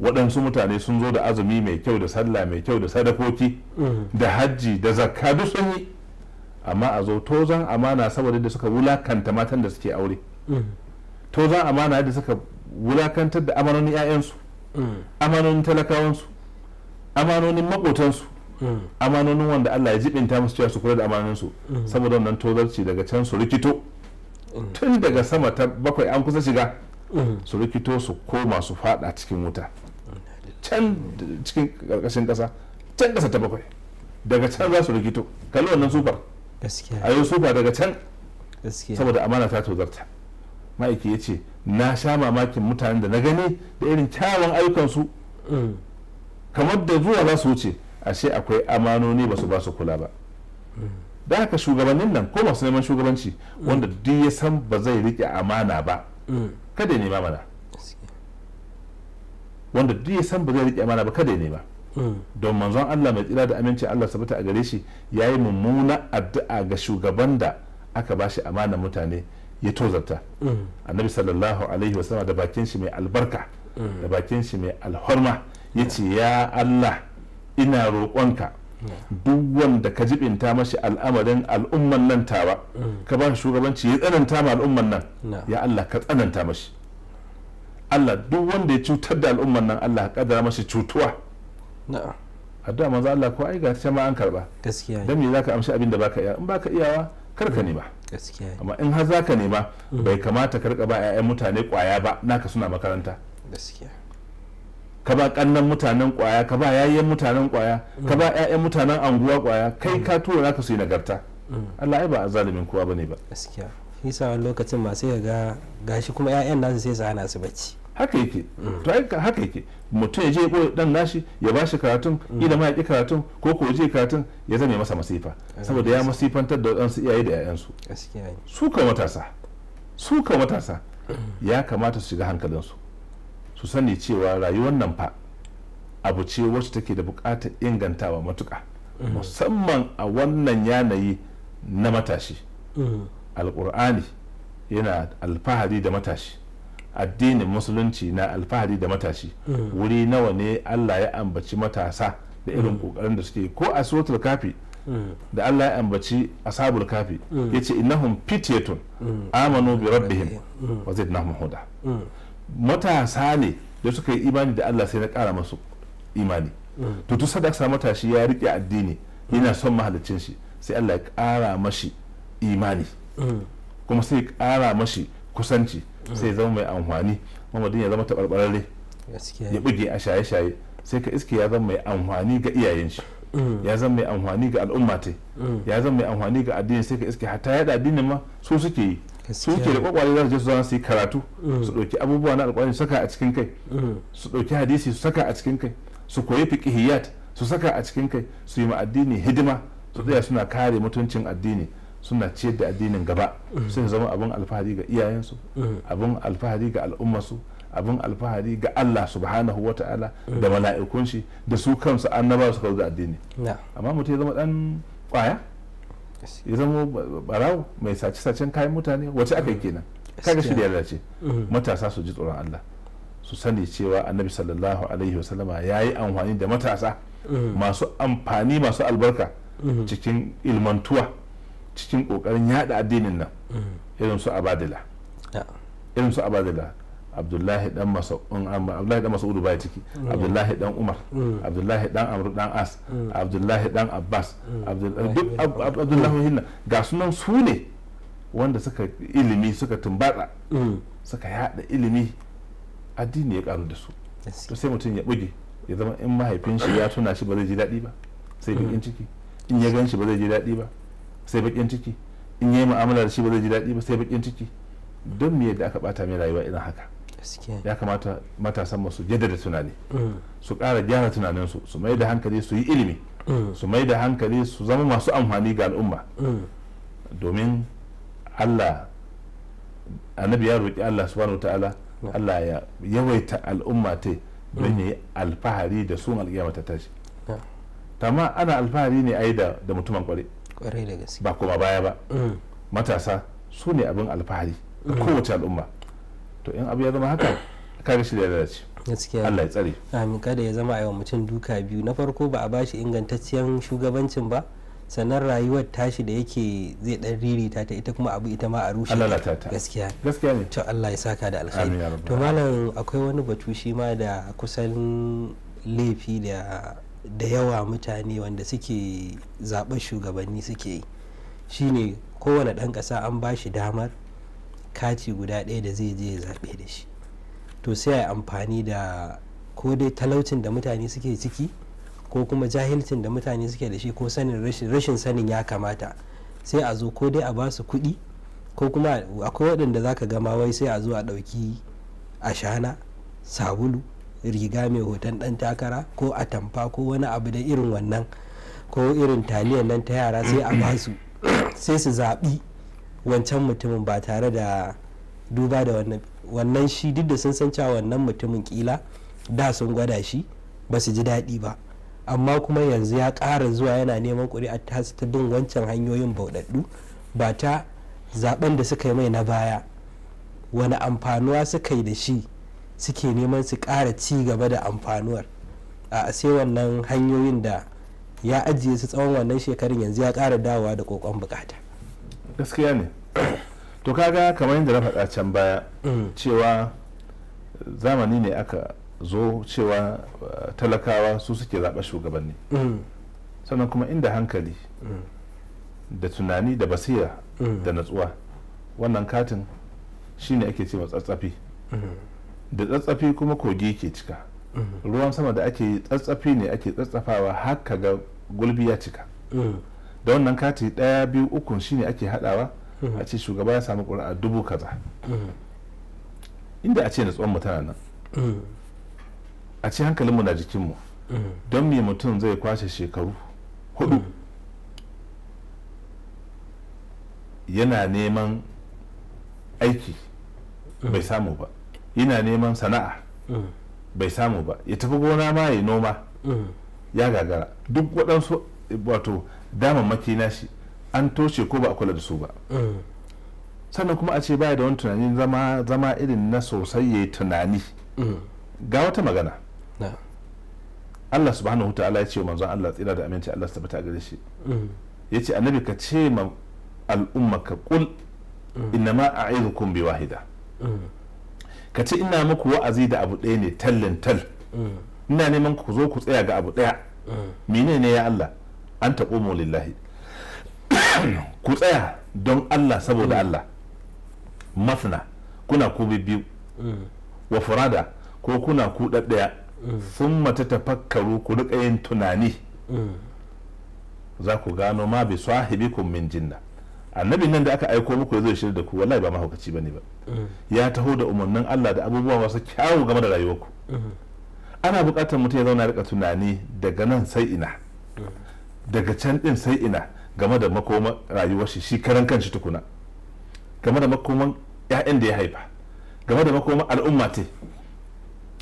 waɗansu mutane sun zo da azumi mai kyau da sallah mai kyau da sadakoki mm. da hajji da zakka duk sun yi amma a zo tozon amana saboda da suka wulakanta matan da suke aure to a mana da suka wulakantar da amanonin 'ya'yansu amanonin talakawansu amanonin makotansu amanonin wanda Allah ya jibinta musu cewa su kula da amanoninsu saboda wannan tozarci daga can su rikito tun daga sama ta bakwai an kusa shiga su rikito su koma su fada cikin wuta can cikin karkashin kasa can kasa ta bakwai daga can za su rikito kalli wannan sufar a yi sufa daga can saboda amana ta tozarta ma'aiki ya ce na sha mamakin mutanen da na gani da irin kyawun ayyukansu mm. kamar da zuwa za su wuce ashe akwai amanoni ba su ba su kula ba mm. da haka shugabannin nan ko masu neman shugabanci mm. wanda duk ya san ba zai rike amana ba kada ya nema mana wanda duk ya san ba zai rike amana ba kada ya nema don manzon Allah mai tsira da aminci Allah sabata a gare shi ya yi mummuna addu'a ga shugaban da aka bashi amana mutane ya tozarta annabi sallallahu alaihi wasallam da bakin shi mai albarka da bakin shi mai alhorma ya ce ya allah ina roƙonka duk wanda ka jibinta mashi al'amarin al'umman nan tawa ka ba shugabanci ya tsananta ma al'umman nan ya allah ka tsananta mashi allah duk wanda ya cutar da al'umman nan allah ka kadara mashi cutuwa addu'a manzo allah ko ai ga ma an karba gaskiya dan me zaka amshi abin da baka iya in baka iyawa kar ka nema amma in har za ka nema bai kamata ka ba 'ya'yan mutane kwaya ba naka suna makaranta ka ba kannan mutanen kwaya ka ba yayan mutanen kwaya ka ba 'ya'yan mutanen anguwa kwaya kai ka tura naka su yi nagarta Allah ai ba a zalimin kowa bane ba gaskiya shi lokacin masu ga gashi kuma 'ya'yan nasu sai su hana su bacci haka yake to ai haka yake mutum ya je ko dan nashi ya ba shi karatun idan ma ya ki karatun ko ko je karatun ya zame masa masifa saboda ya masifantar da wadansu iyaye da yayansu su ka matasa su ka matasa ya kamata su shiga hankalinsu su sani cewa rayuwar nan fa abu ce wacce take da bukatar ingantawa matuka musamman a wannan yanayi na matashi mm. alkur'ani yana alfahari da matashi addinin musulunci na alfahari da matashi mm. wuri nawa ne allah ya ambaci matasa da irin mm. kokarin da suke ko a suratul kafi mm. da allah ya ambaci ashabul kafi ya ce innahum fityatun amanu bi rabbihim wa zidnahum huda matasa ne da suka yi imani da allah sai na kara masu imani to duk sadaka matashi ya rike addini yana son mahalicin shi sai allah ya kara mashi imani kuma sai ya kara mashi kusanci sai zama mai amfani mamadin ya zama taɓarɓararre ya buge a shaye-shaye sai ka iske ya zama mai amfani ga iyayen shi mm. ya zama mai amfani ga al'umma ta mm. ya zama mai amfani ga addini sai ka iske hatta yada addini ma su suke yi su ke da kwakwale za su je su zama su yi karatu mm. su ɗauki abubuwa na alkwari su saka a cikin kai su ɗauki hadisi su saka a cikin kai su koyi fiqhiyat su saka a cikin kai su yi ma addini hidima su tsaya suna kare mutuncin addini suna ciyar da addinin gaba eh. sun zama abin alfahari ga iyayensu eh. abin alfahari ga al'ummarsu abin alfahari ga Allah subhanahu wa ta'ala eh. da mala'ikun shi da su kansu ba su kawo da addini amma mutum ya zama dan kwaya ya zama barawo mai sace-sacen kayan mutane wace aka yi kenan kaga shi da yarda ce matasa su ji tsoron Allah su sani cewa annabi sallallahu alaihi wasallama ya yi amfani da matasa masu amfani masu albarka cikin ilmantuwa cikin kokarin yada addinin nan irin su abadila irin su abadila abdullahi dan mas'ud abdullahi dan mas'ud bai ciki mm. abdullahi dan umar mm. abdullahi dan amr dan as mm. abdullahi dan abbas abdullahi hinna ga sunan su ne wanda suka ilimi suka tumbatsa suka yada ilimi addini ya karu da su to sai mutum ya buge ya zama in mahaifin shi ya tuna shi ba zai ji daɗi ba sai bakin ciki in ya gan shi ba zai ji daɗi ba sai bakin ciki in yi mu'amala da shi ba zai ji daɗi ba sai bakin ciki don me yadda aka bata mai rayuwa idan haka ya kamata matasan masu jaddada tunani mm. su ƙara gyara tunaninsu su mai da hankali su yi ilimi mm. su mai da hankali su zama masu amfani ga al'umma mm. domin allah annabi ya roƙi allah subhanahu ta'ala allah ya yawaita al'umma ta don yi alfahari da sun alƙiyama ta tashi ana alfahari ne a yi da mutumin kwarai ba kuma baya ba mm. matasa su ne abin alfahari mm. kowace al'umma to in abu ya zama haka kaga shi da lalace gaskiya Allah ya tsare amin kada ya zama a mutum duka biyu na farko ba a bashi ingantacciyar shugabancin ba sannan rayuwar tashi da yake zai dan ririta ta ita kuma abu ita ma a rushe gaskiya gaskiya ne to Allah ya saka da alkhairi to malam akwai wani batu shi ma da kusan laifi da da yawa mutane wanda suke zaɓar shugabanni suke yi shine kowane ɗan ƙasa an ba shi damar kati guda ɗaya da zai je zaɓe da shi to sai a amfani da ko dai talaucin da mutane suke ciki ko kuma jahilcin da mutane suke da shi ko sanin rashin sanin ya kamata sai a zo ko dai a ba su kuɗi ko kuma akwai waɗanda za ka gama wai sai a zo a ɗauki ashana sabulu riga mai hoton ɗan takara ko atamfa ko wani abu da irin wannan ko irin taliyan nan ta yara sai a basu sai su zaɓi wancan mutumin ba tare da duba da wannan shi duk da sun san cewa wannan mutumin kila da sun gwada shi ba su ji daɗi ba amma kuma yanzu ya ƙara zuwa yana neman ƙuri'a ta ta bin wancan hanyoyin bauɗaɗɗu ba ta zaɓen da suka yi mai na baya wani amfanuwa suka yi da shi suke neman su kara ci gaba da amfanuwar a sai wannan hanyoyin da ya ajiye su tsawon wannan shekarun yanzu ya ƙara dawowa da kokon bukata gaskiya ne to kaga kamar yadda na faɗa can baya mm. cewa zamani ne aka zo cewa uh, talakawa su suke zaɓa shugabanni mm. sannan kuma inda hankali mm. da tunani da basira da natsuwa wannan katin shine ake ce matsatsafi da tsatsafi kuma kogi ke cika mhm. ruwan sama da ake tsatsafi ne ake tsatsafawa haka ga gulbi ya cika mhm. da wannan kati ɗaya biyu ukun shine ake haɗawa mhm. a ce shugaba ya samu a dubu kaza inda a ce na tsohon mutane nan a ce hankalinmu na jikinmu don me mutum zai kwashe shekaru hudu yana neman aiki bai samu ba yana neman sana'a mm. bai samu ba ya tafi gona ma ya noma mm. ya gagara duk waɗansu wato damammaki na shi an toshe ko ba a kula da su ba mm. sannan kuma a ce baya da wani tunanin zama zama irin na sosai ya tunani ga wata magana Allah subhanahu wa ta'ala ya ce wa manzon Allah tsira da aminci Allah su tabbata gare shi ya ce annabi ka ce ma al'umma ka kul ma innama a'idukum bi wahida ka ce ina muku wa'azi da abu ɗaya ne tallin tal ina neman ku zo ku tsaya ga abu ɗaya menene ya Allah an taɓo mu lillahi ku tsaya don Allah saboda Allah masna kuna ku biyu wa furada ko kuna ku ɗaɗɗaya sun mata tafakkaru ku riƙa yin tunani za ku gano ma bi sahibikum min jinna annabin nan da aka aiko muku ya zo shirya da ku wallahi ba mahaukaci bane ba mm. ya taho da umarnin Allah da abubuwa masu kyawu game da rayuwarku mm. ana buƙatar mutum ya zauna rika tunani daga nan sai ina mm. daga can din sai ina game da makoma rayuwar shi shi karan kanshi tukuna game da makoman ƴaƴan da ya haifa game da makoman al'umma te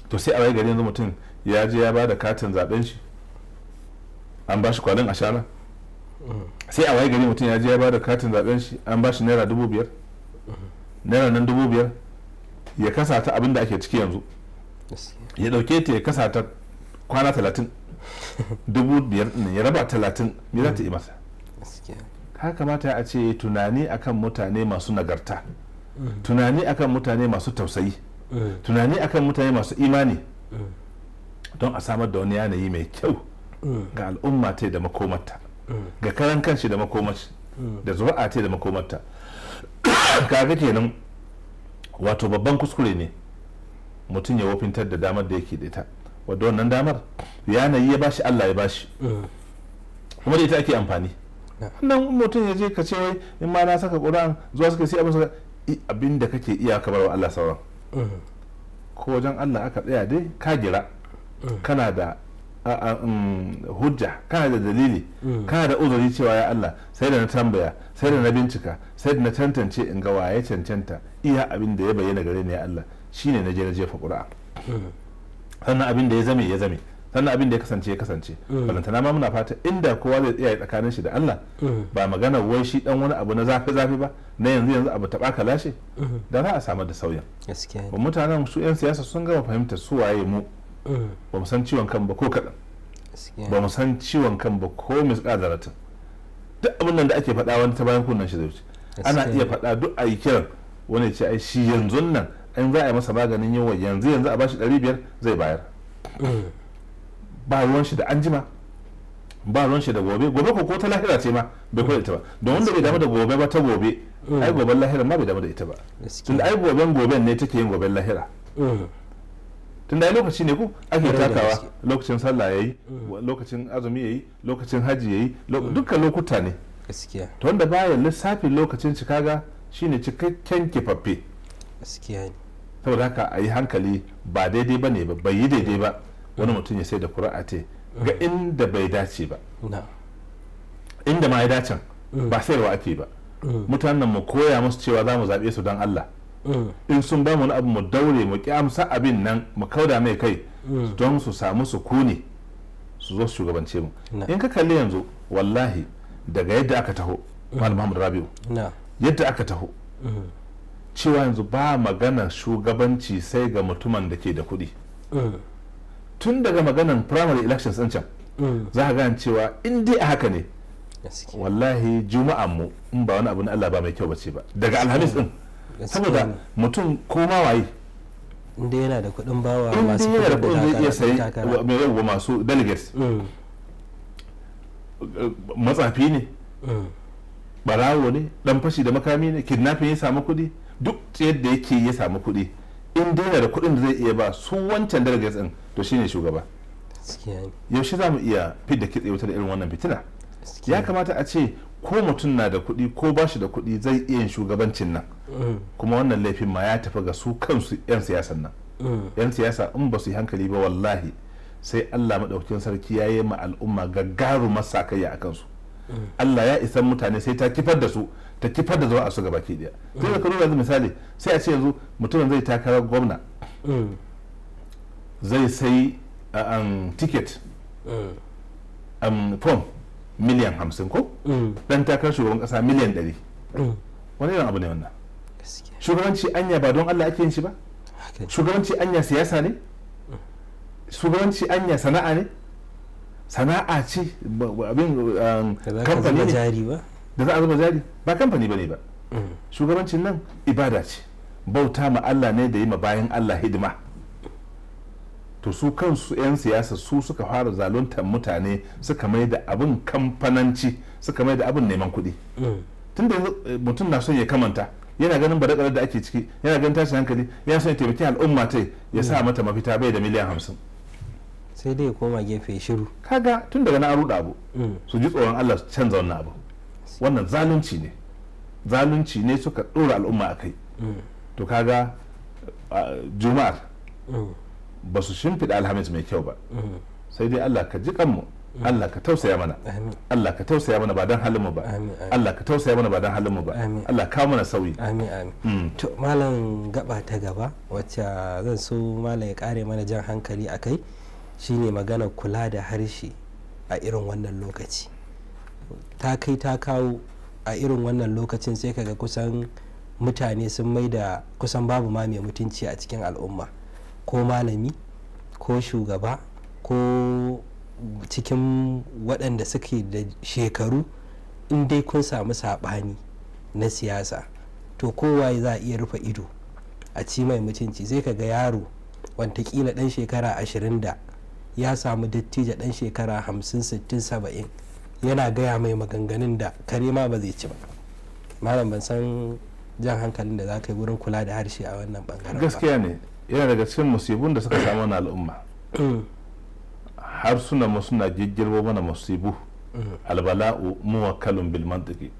to sai a wai gari yanzu mutum ya je ya ba da katin zaben shi an bashi shi kwalin ashara sai a waye gari mutum ya je ya bada katin zaben shi an ba shi naira dubu biyar naira nan dubu biyar ya kasa ta abin da ake ciki yanzu ya dauke ta ya kasa ta kwana talatin <laughs> dubu biyar ya raba talatin me za ta yi masa haka kamata a ce tunani akan mutane masu nagarta tunani akan mutane masu tausayi tunani akan mutane masu imani don a samar da wani yanayi mai kyau mm. ga al'umma ta da makomarta ga karan kanshi da makomashi mm. da zuba'a ce da makomarta <coughs> kaga kenan wato babban kuskure ne mutum ya wafintar da damar da yake da ita wadda wannan damar yanayi ya bashi Allah ya bashi mm. kuma da ita ake amfani nan mutum ya je ka ce wai in ma na saka ƙura'an zuwa suka sai abin abin da kake iya ka bar wa Allah sauran mm. ko wajen Allah aka tsaya dai ka gira kana da Um, hujja kana da dalili mm. kana da uzuri cewa ya Allah sai da na tambaya sai da na bincika sai da na tantance in ga waye cancanta iya abin da ya bayyana gare ni ya Allah shine na je na jefa mm. sannan abin da ya zame ya zame sannan abin da ya kasance ya kasance mm. balantana ma muna fata inda kowa zai tsaya tsakanin shi da Allah ba magana wai shi dan wani abu na zafi zafi ba na yanzu yanzu abu taba ka lashe da za a samar da sauyin mutanen su 'yan siyasa sun gama fahimtar su waye mu ba mu san ciwon kan ba ko kaɗan ba mu san ciwon kan ba ko misƙadaratin duk abin nan da ake faɗa wani ta bayan kunan shi zai wuce ana iya faɗa duk a yi kiran wani ce ai shi yanzu nan in za a yi masa maganin wa yanzu yanzu a bashi ɗari biyar zai bayar ba ruwan shi da an jima ba ruwan shi da gobe gobe ko ko ta lahira ce ma bai kula ita ba don wanda bai damu da gobe ba ta gobe ai goben lahira ma bai damu da ita ba tunda ai goben goben ne take yin goben lahira mm. tunda lokaci ne ko ake takawa lokacin sallah ya yi mm. lokacin azumi ya yi mm. lokacin haji yi mm. dukkan lokuta ne to wanda baya lissafi lokacin cikaga shine cikakken kifaffe saboda haka a yi hankali ba daidai ba ne ba bai yi daidai ba wani mutum ya sai da kura'a te ga inda bai dace ba inda ma ya dace ba sayarwa ake ba mutanen mu koya musu cewa za mu zaɓe su don allah in sun ba mu abu mu daure mu amsa abin nan mu kauda mai kai don su samu su kune su zo su shugabance mu in ka kalli yanzu wallahi daga yadda aka taho malam Muhammad Rabiu yadda aka taho cewa yanzu ba magana shugabanci sai ga mutumin da ke da kuɗi tun daga maganar primary elections ɗin can za ka gane cewa in dai a haka ne wallahi juma'an mu in ba wani abu na Allah ba mai kyau bace ba daga alhamis din saboda mutum ko ma waye inda yana da kuɗin bawa masu yana da kuɗin zai iya sayi mai masu delegates mm. eh, matsafi ne mm. barawo ne dan fashi da makami ne kidnapping ya samu kuɗi duk yadda yake ya samu kuɗi in yana da kuɗin da zai iya ba su wancan delegates din to shine shugaba yaushe za mu iya fidda kitse wutar da irin wannan fitina ya kamata a ce ko mutum na da kuɗi ko ba shi da kuɗi zai iya yin shugabancin nan mm. kuma wannan laifin ma ya tafi ga su kansu 'yan siyasan nan mm. 'yan siyasa in ba su yi hankali ba wallahi sai allah maɗaukin sarki ya yi ma al'umma masa sakayya a kansu mm. allah ya isan mutane sai ta kifar da su ta kifar da zuwa a su gaba ke daya sai da yanzu misali sai a ce yanzu mutumin zai takara gwamna zai sai um, tiket um, fom miliyan hamsin ko mm. dan takarar shugaban kasa miliyan ɗari mm. wani irin abu ne wannan shugabanci anya ba don allah ake yin shi ba shugabanci anya siyasa ne shugabanci anya sana'a ne sana'a ce abin um, kamfani ne da za a zuba jari ba kamfani ba ne ba mm. shugabancin nan ibada ce bauta ma allah ne da yi ma bayan allah hidima to su kansu 'yan siyasa su suka fara zaluntar mutane suka mai da abin kamfananci suka mai da abin neman kuɗi mm. tun da eh, mutum na son ya kamanta yana ganin badakarar da ake ciki yana ganin tashin hankali yana son ya taimaki al'umma ta ya sa mm. mata mafita bai da miliyan hamsin sai dai ya koma gefe shiru kaga tun daga na an ruɗa abu mm. su ji tsoron allah su canza wannan abu wannan zalunci ne zalunci ne suka ɗora al'umma a kai to kaga juma'ar ba su shimfiɗa alhamis mai kyau ba sai dai allah ka ji kanmu Allah ka tausaya mana Allah ka tausaya mana ba don halinmu ba Allah ka tausaya mana ba don halinmu ba Allah ka mana sauyi amin amin mm. to malam gaba ta gaba wacce zan so malam ya kare mana jan hankali a kai shine magana kula da harshe a irin wannan lokaci ta kai ta kawo a irin wannan lokacin sai kaga kusan mutane sun maida kusan babu ma mai mutunci a cikin al'umma ko malami ko shugaba ko cikin waɗanda suke da shekaru in dai kun samu saɓani na siyasa to kowaye za a iya rufe ido a ci mai mutunci sai ka ga yaro wantakila ɗan shekara ashirin da ya samu dattijo ɗan shekara hamsin sittin saba'in yana gaya mai maganganun da kare ma ba zai ci ba malam ban san jan hankalin da za ka yi wurin kula da harshe a wannan bangaren gaskiya ne yana daga cikin musibun da suka samu na al'umma harsuna mu suna jijjirbo mana musibu albala'u muwakkalun bil mantiki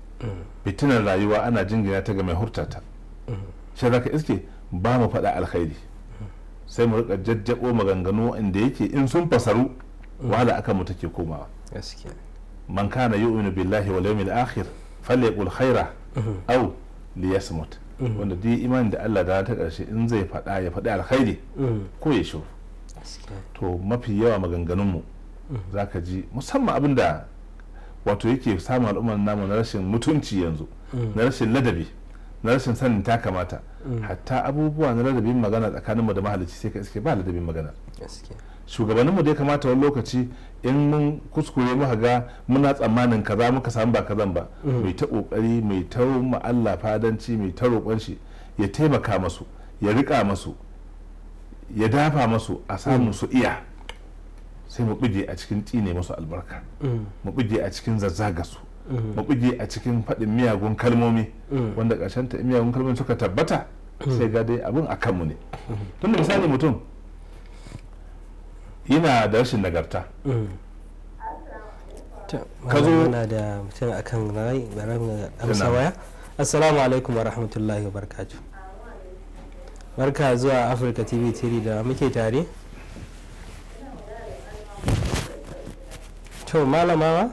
fitinar rayuwa ana jingina ta ga mai hurtata shi zaka iske ba mu faɗa alkhairi sai mu rika jajjabo maganganu inda yake in sun fasaru wahala aka mu take komawa man kana yu'minu billahi wal yawmil akhir falyaqul khaira mm-hmm. aw liyasmut Mm. wanda duk imanin da Allah da ta karshe in zai faɗa ya faɗi alkhairi mm. ko ya shi to mafi yawa maganganunmu mm. za ka ji musamman abin da wato yake samun al'ummar namu na rashin mutunci yanzu na rashin ladabi na rashin sanin ta kamata hatta abubuwa na ladabin magana tsakanin mu da mahalicci sai ka iske ba ladabin magana shugabanninmu dai kamata wani lokaci in mun kuskure muka ga muna tsammanin kaza muka samu ba kazan ba mm. mai ta kokari mai ta Allah fadanci mai ta roƙon shi ya taimaka masu ya rika masu ya dafa masu a samu mm. su iya sai mu bige a cikin tsine masu albarka mm. mu bige a cikin zazzaga su mu bige a cikin faɗin miyagun kalmomi wanda ƙarshen ta miyagun kalmomi suka tabbata sai ga dai abin a kanmu ne tunda misali mutum yana da rashin nagarta mm. ka zo na da mutum kan rai bari amsa waya assalamu alaikum wa rahmatullahi wa barakatuh barka zuwa afirka tv tiri da muke tare to malamawa.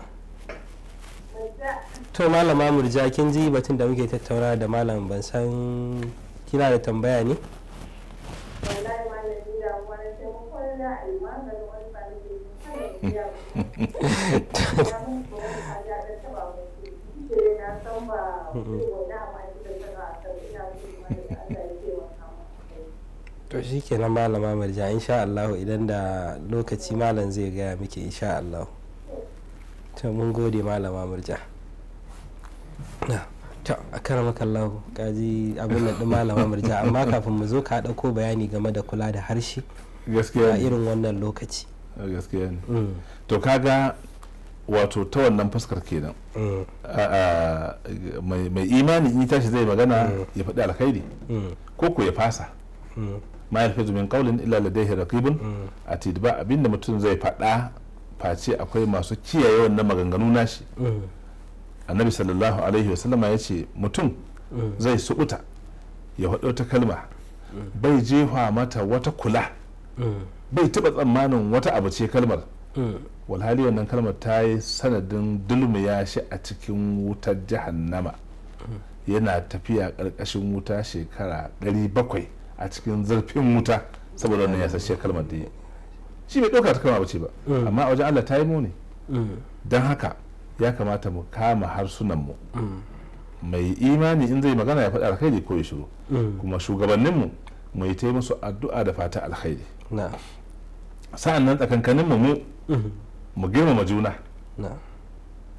to malama murja kin ji batun da muke tattauna da malam ban san kina da tambaya ne shi kenan malama marja insha Allah idan da lokaci malam zai gaya miki insha Allah ta mun gode malama marja ta a karamaka allahu kaji abin da malama marja amma kafin mu zo ka ko bayani game da kula da harshe a irin wannan lokaci gaskiya ne mm. to kaga wato ta wannan fuskar kenan mm. mai imani in tashi zai magana mm. ya faɗi alkhairi ko ko ya fasa ma yalfizu min qawlin illa ladayhi raqibun mm. atid ba abinda mutum zai faɗa face akwai masu kiyaye wannan maganganu nashi mm. annabi sallallahu alaihi wasallama ya ce mutum mm. zai suɓuta ya faɗo ta kalma bai jefa mata wata kula bai taɓa tsammanin wata abu ce kalmar walhali wannan kalmar ta yi sanadin dulmiya shi a cikin wutar jahannama yana tafiya ƙarƙashin wuta shekara 700 a cikin zarfin wuta saboda wannan ya sashe kalmar da shi bai ɗauka ta kalma bace ba eh. amma a wajen Allah ta yi mu ne eh. don haka ya kamata mu kama harsunan mu eh. mai imani in zai magana ya faɗi alkhairi ko ya shiru kuma shugabannin mu mu yi taimu musu addu'a da fata alkhairi sa'an nan tsakankanin mu mu girmama juna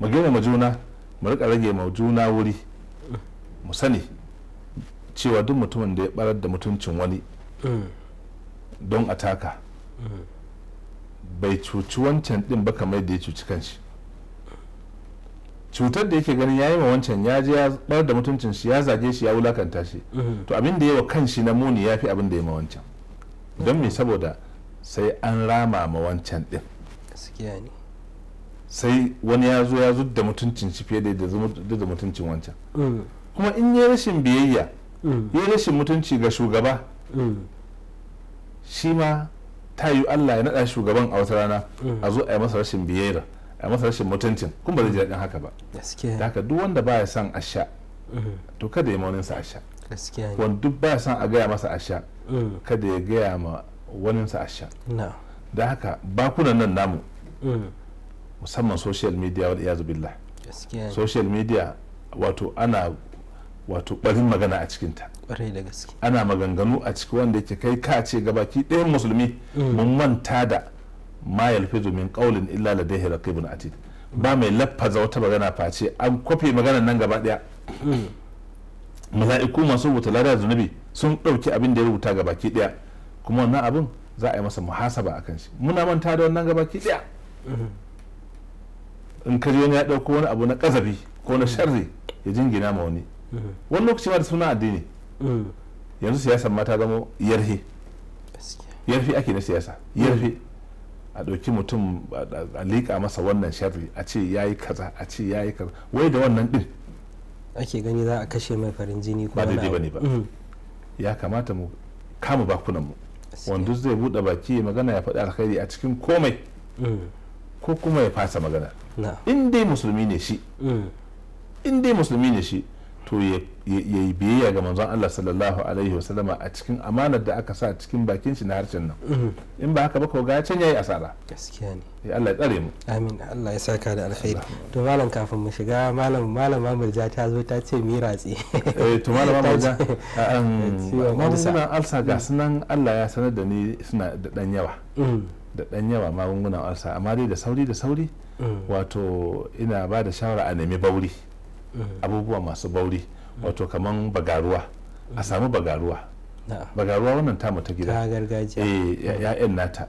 mu girmama juna mu rika rage ma juna wuri mu sani cewa duk mutumin da ya barar da mutuncin wani mm. don a taka mm. bai cuci wancan din ba kamar da ya cuci kanshi cutar da yake ganin ya yi wancan ya je ya barar da mutuncin shi ya zage shi ya wulakanta shi mm. to abin da ya wa kanshi na muni ya fi abin da ya ma wancan don me saboda sai an rama ma wancan din sai wani ya zo ya zudda mutuncin shi fiye da da mutuncin wancan kuma in yi rashin biyayya Mm. ya rashin mutunci ga shugaba mm. shi ma ta yi Allah ya naɗa shugaban a wata rana mm. a zo a yi masa rashin biyayya a masa rashin mutuncin kun ba zai ji daɗin haka ba da haka duk wanda baya son a sha to kada ya maunin sa a sha wanda duk baya son a gaya masa a sha kada ya gaya ma waninsa sa a sha da haka bakunan nan namu musamman social media wal iyazu billah social media wato ana wato barin magana a cikinta ana maganganu a ciki wanda yake kai ka ce gabaki ɗayan musulmi mm. mun manta da ma yalfizu min ƙaulin illa ladayhi raqibun atid ba mm. mai laffaza wata magana face an kwafe maganan nan gaba daya mm. mala'iku masu rubuta lada zunubi sun ɗauki abin da ya rubuta gabaki daya kuma wannan abin za a yi masa muhasaba akan shi muna manta da wannan gabaki daya mm-hmm. in kaje wani ya ɗauko wani abu na kazafi ko na sharri ya jingina ma wani Mm-hmm. wani lokaci ma da suna addini mm-hmm. yanzu siyasa ma ta zama yarfe yarfe ake na siyasa mm-hmm. yarfe a ɗauki mutum a liƙa masa wannan sharri a ce ya yi kaza a ce ya yi kaza wai da wannan ɗin ake gani za a kashe mai farin jini ko ba daidai bane ba ya kamata mu kama bakunan mu wanda zai buɗe baki ya magana ya faɗi alkhairi a cikin komai ko kuma ya fasa magana in dai musulmi ne shi in dai musulmi ne shi to ya yi biyayya ga manzon Allah sallallahu alaihi wasallama a cikin amanar da aka sa cikin bakin shi na harshen nan mhm. in ba haka ba ko ga can yayi asara gaskiya ne eh, Allah ya tsare mu amin Allah ya saka da alkhairi to malam kafin mu shiga malam malam Mamurja ta zo ta ce mi ratse <laughs> eh to malam Mamurja suna alsa ga mm. sunan Allah ya sanar da ni suna da dan yawa mm. da dan yawa magungunan alsa amma dai da sauri da sauri mm. wato ina ba da shawara a nemi bauri Eh. abubuwa masu bauri eh. wato kaman bagaruwa a samu eh. bagaruwa bagaruwa wannan tamu ta gida eh ya'yan nata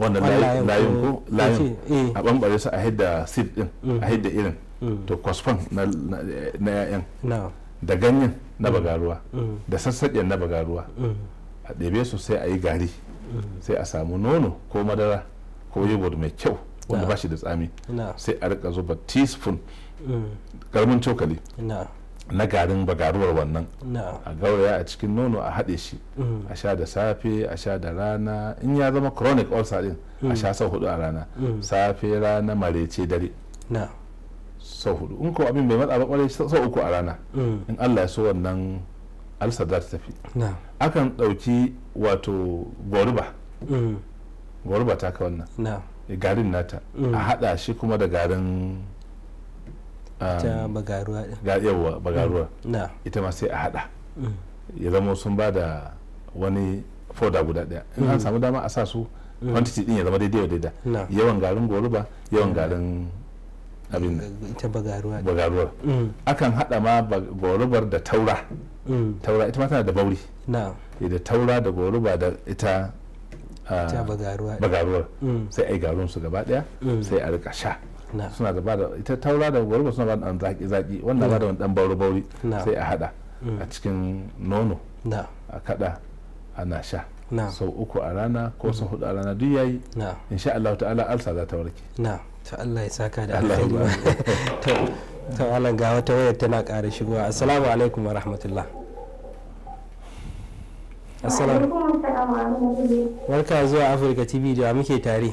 wannan layin ko layin a bambare su a hidda seed din a hidda irin to kwasfan na ya'yan da ganyen na bagaruwa da sassaƙen na bagaruwa a ɗebe su sai a yi gari sai a samu nono ko madara ko yogurt mai kyau wanda ba shi da tsami sai a rika zuba teaspoon Mm. karamin cokali na garin bagaruwar wannan a gauraya a cikin nono a haɗe shi mm. a sha da safe a sha da rana in ya zama chronic ulcer din a mm. sha sau hudu a rana safe rana marece dare sau hudu in ko abin bai matsa ba kwarai sau uku a rana in allah ya so wannan ulcer za ta tafi akan ɗauki wato goruba goruba ta ka wannan eh, garin nata a haɗa shi kuma da garin ta um, bagaruwa ga yawa bagaruwa mm, ita ma sai a hada mm. ya zama sun ba da wani foda guda daya in an mm. samu dama a sa su quantity din ya zama daidai daida yawan garin goruba yawan garin abin ita bagaruwa bagaruwa akan hada ma gorubar da taura taura ita ma tana da bauri eh, da taura da goruba da ita ah, bagaruwa sai ai garun su gaba daya sai a rika sha suna da bada ita taura da gwargwa suna da dan zaki zaki wannan bada wani dan bauri bauri sai a hada mm. a cikin nono a kada ana sha sau uku a rana ko sau mm. hudu a rana duk yayi insha Allah ta'ala alsa za ta warke na to Allah ya saka da alheri <laughs> to to Allah ga wata wayar tana ƙara shigowa assalamu alaikum wa rahmatullah assalamu barka zuwa Afirka TV da muke tare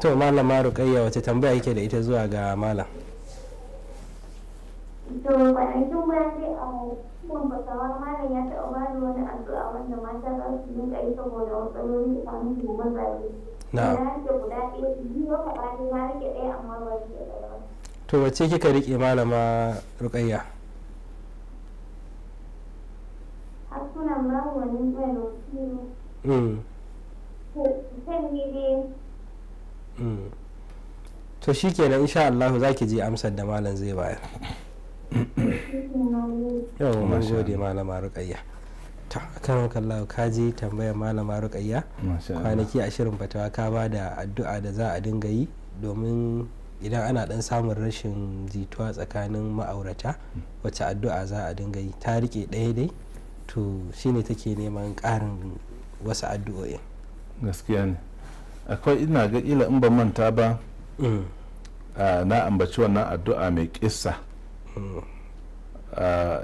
to malama rukayya wace tambaya yake da ita zuwa ga malam to kwanakin bayan dai a cikin fasawa malam ya taɓa ba da wani addu'a wanda mata za su dinga yi saboda matsaloli da samun gobe zaɓe na rage guda ɗaya su biyu wata bayan na rage ɗaya amma ba su da ɗaya to wace kika riƙe malama rukayya hasunan ba wani ɗaya da mm. wasu Hmm. to shi kenan insha Allah za ki ji amsar da malam zai bayar yau mun gode malama ruqayya ta kan kallahu ka je tambayar malama ruqayya kwanaki a shirin fatawa ka ba da addu'a da za a dinga yi domin idan ana dan samun rashin jituwa tsakanin ma'aurata wacce addu'a za a dinga yi ta rike ɗaya dai to shine take neman ƙarin wasu addu'o'in gaskiya ne akwai ina ga ila in ba manta ba mm. na ambaci wannan addu'a mai kissa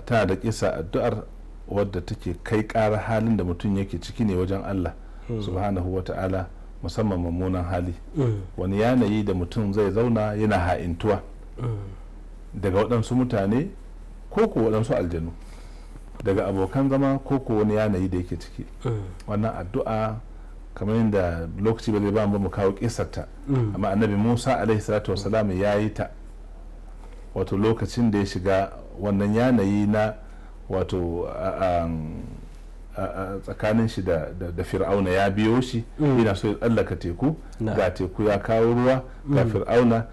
tana da kissa addu'ar wadda take kai ƙara halin da mutum yake ciki ne wajen allah mm. subhanahu wa ta'ala musamman mummunan hali mm. wani yanayi da mutum zai zauna yana ha'intuwa daga waɗansu mutane ko ko waɗansu aljanu daga abokan zama ko ko wani yanayi da yake ciki wannan addu'a kamar yadda lokaci ba zai ba mu kawo kisarta mm. amma annabi musa alaihi salatu wasalam ya yi ta wato lokacin da ya shiga wannan yanayi na wato tsakanin shi da fir'auna ya biyo shi mm. yana so ya tsallaka teku ga teku ya kawo ruwa ga mm. fir'auna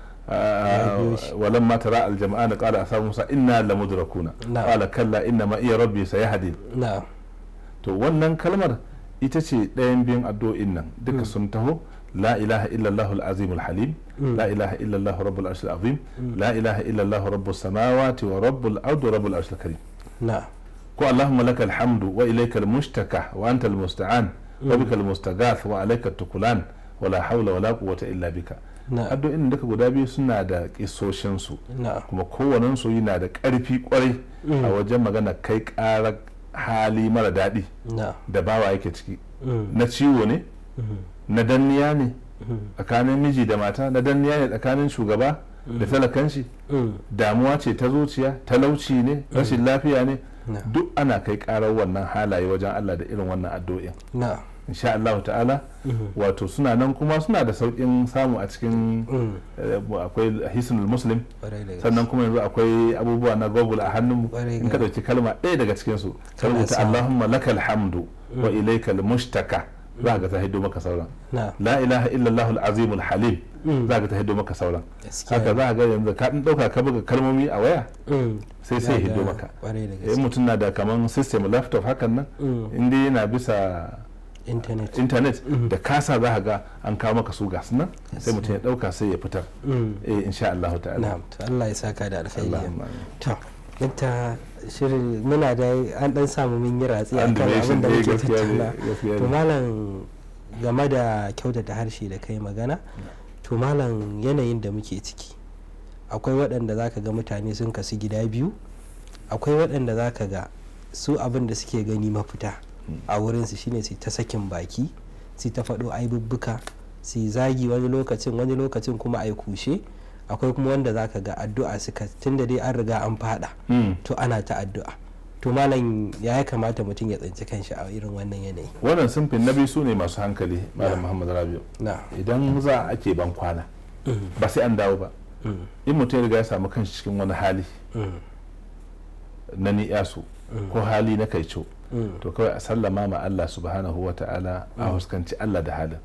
walan ma tara aljama'a na kala asa musa inna la mudrakuna kala kalla inna ma iya rabbi sayahdin to wannan kalmar ita ce ɗayan biyun addu'o'in nan duka mm. sun taho la ilaha illallah al-azim al-halim mm. la ilaha illallah rabbul arshil azim mm. la ilaha illallah rabbus samawati wa rabbul ardi rabbul arshil karim na ko allahumma lakal hamdu wa ilaykal mushtaka wa antal musta'an wa bikal mustagath wa alaykal tukulan wala haula wala quwwata illa bika addu'o'in duka guda biyu suna da kisoshin su kuma kowannen su yana da karfi kwarai a wajen magana kai karar hali mara daɗi da bawa yake ciki mm. na ciwo ne mm-hmm. na danniya ne mm-hmm. tsakanin miji da mata na danniya ne tsakanin shugaba da mm-hmm. talakan shi mm. damuwa ce ta zuciya talauci ne mm. rashin lafiya ne duk ana kai karar wannan halaye wajen allah da irin wannan addu'in insha Allah ta'ala mhm. wato suna nan kuma suna da saukin samu a cikin mhm. eh, akwai hisnul muslim sannan kuma yanzu akwai abubuwa na google a hannun in ka dauki kalma ɗaya daga cikin su ka rubuta Allahumma lakal hamdu wa mhm. ilaikal mushtaka za ka ta hiddo maka sauran la ilaha illallah al-azim halim za ka ta hiddo maka sauran haka za ga yanzu ka dauka ka buga kalmomi a waya sai sai hiddo maka eh mutum na da kaman system laptop hakan nan in dai yana bisa internet internet mm-hmm. da kasa za ga an kawo maka su gasu nan sai mutum ya dauka sai ya fitar mm. eh insha Allah ta'ala na'am to Allah ya saka da alkhairi to ta shirin muna da an dan samu mun yi ratsi a kan abin da eh, muke tattauna to malam game da kyautata harshe da kai magana to malam yanayin da muke ciki akwai waɗanda zaka ga mutane sun kasu gida biyu akwai waɗanda zaka ga su abin da suke gani mafita a wurinsu shine su ta sakin baki su ta faɗo aibubbuka su zagi wani lokacin wani lokacin kuma ai kushe akwai kuma wanda zaka ga addu'a suka tunda dai an riga an fada hmm. to ana ta addu'a to malam ya kamata mutum ya tsinci kanshi a irin wannan yanayi wannan sunfin na biyu su ne masu hankali malam muhammad rabiu idan za ake ban kwana hmm. ba sai an dawo ba hmm. in mutum ya riga ya samu kanshi cikin wani hali na ni'yasu ko hali na kaico to kawai a sallama ma Allah subhanahu wa ta'ala a mm. huskanci Allah da halin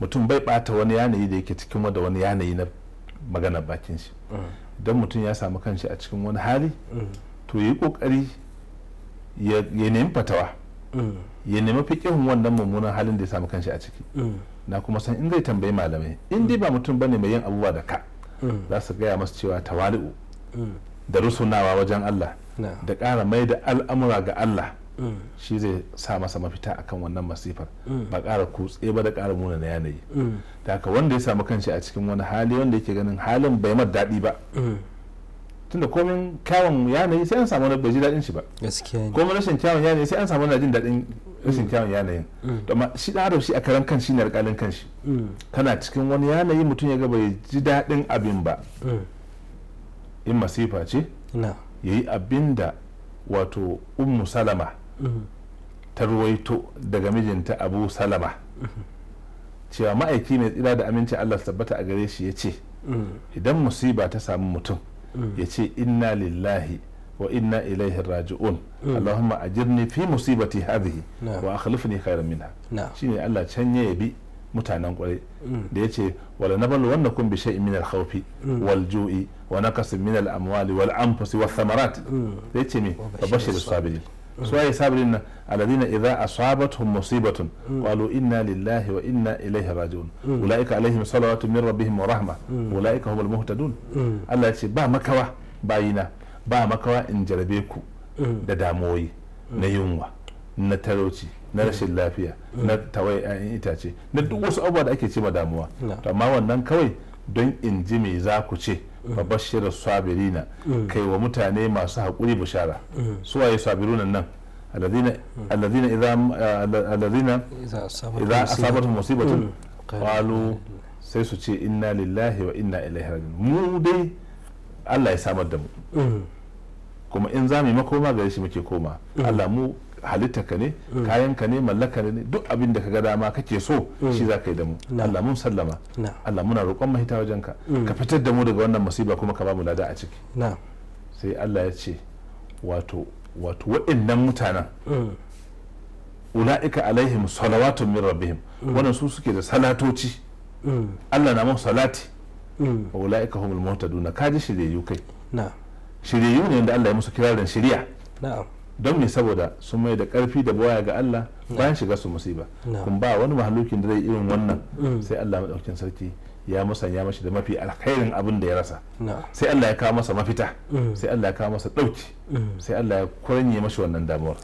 mutum bai bata wani yanayi da yake cikin wanda wani yanayi na magana bakin shi mm. idan mutum ya samu kanshi a cikin wani hali mm. to yi kokari ya nemi fatawa ya nemi fiƙihun wannan mummunan halin da ya samu kanshi a ciki na kuma san in zai tambayi malamai in dai ba mutum bane mai yin abubuwa da ka za su gaya masu cewa tawali'u da rusunawa wajen Allah da ƙara mai da al'amura ga Allah shi zai sa masa mafita akan wannan masifar mm. ba ƙara kutse ba da ƙara muna na yanayi mm. da haka wanda ya samu kanshi a cikin wani hali wanda yake ganin halin bai mar daɗi ba mm. tunda komin kyawun yanayi sai an samu wani bai ji daɗin shi ba komin rashin kyawun yanayi sai an samu wani jin daɗin rashin kyawun yanayin amma shi ɗan shi a karan kan shi ne alƙalin kan shi kana cikin wani yanayi mutum ya ga bai ji daɗin abin ba in masifa ce yayi yi abin da wato ummu salama ta ruwaito daga mijinta abu salama cewa ma'aiki mai tsira da aminci allah tabbata a gare shi ya ce idan musiba ta samu mutum ya ce inna lillahi wa inna ilaihi raji'un allahumma ajirni fi musibati hadhihi wa akhlifni khairan minha shine allah can ya yabi mutanen kwarai da ya ce wala na balu wanda kun bishai min alkhawfi wal ju'i wa naqas min al amwali wal anfusi wath thamarat da ya ce me fa bashir sabirin su waye sabirin nan alladhina idza asabatuhum musibatun qalu inna lillahi wa inna ilaihi raji'un ulaika alaihim salawatu min rabbihim wa rahma ulaika humul muhtadun Allah ya ce ba makawa bayina ba makawa in jarabe ku da damuwoyi na yunwa na talauci na rashin lafiya na tawai 'ya'yan itace na duk wasu abubuwa da ake ce ma damuwa amma wannan kawai don in ji me za ku ce babashir sabirina eh. kai wa mutane masu haƙuri bishara eh. suwaye sabiruna nan alladhina idza eh. alladhina idza asabatu musibatun qalu sai su ce inna lillahi wa inna ilaihi raji'un mu dai Allah ya samar da mu kuma in za mu yi makoma gare shi muke koma Allah mu halittarka ne kayanka ne mallaka ne duk abin da ga dama kake so shi za ka yi da mu Allah mun sallama Allah muna roƙon mahita wajen ka mm. ka fitar da mu daga wannan masiba kuma ka ba mu lada a ciki sai Allah ya ce wato wato waɗannan mutanen mm. ula'ika alaihim salawatun min rabbihim mm. wannan su suke da salatoci Allah na mun salati wa ula'ika humul muhtaduna ji shirye kai shirye ne da Allah ya musu kirarin shiriya na'am don me saboda sun mai da karfi da baya ga Allah bayan shiga su musiba kun ba wani mahalukin da zai irin wannan mm. sai Allah madaukakin sarki ya musanya mashi da mafi alkhairin abin da ya rasa sai Allah ya kawo masa mafita mm. sai Allah ya kawo masa dauki mm. sai Allah ya kurnye mashi wannan damuwar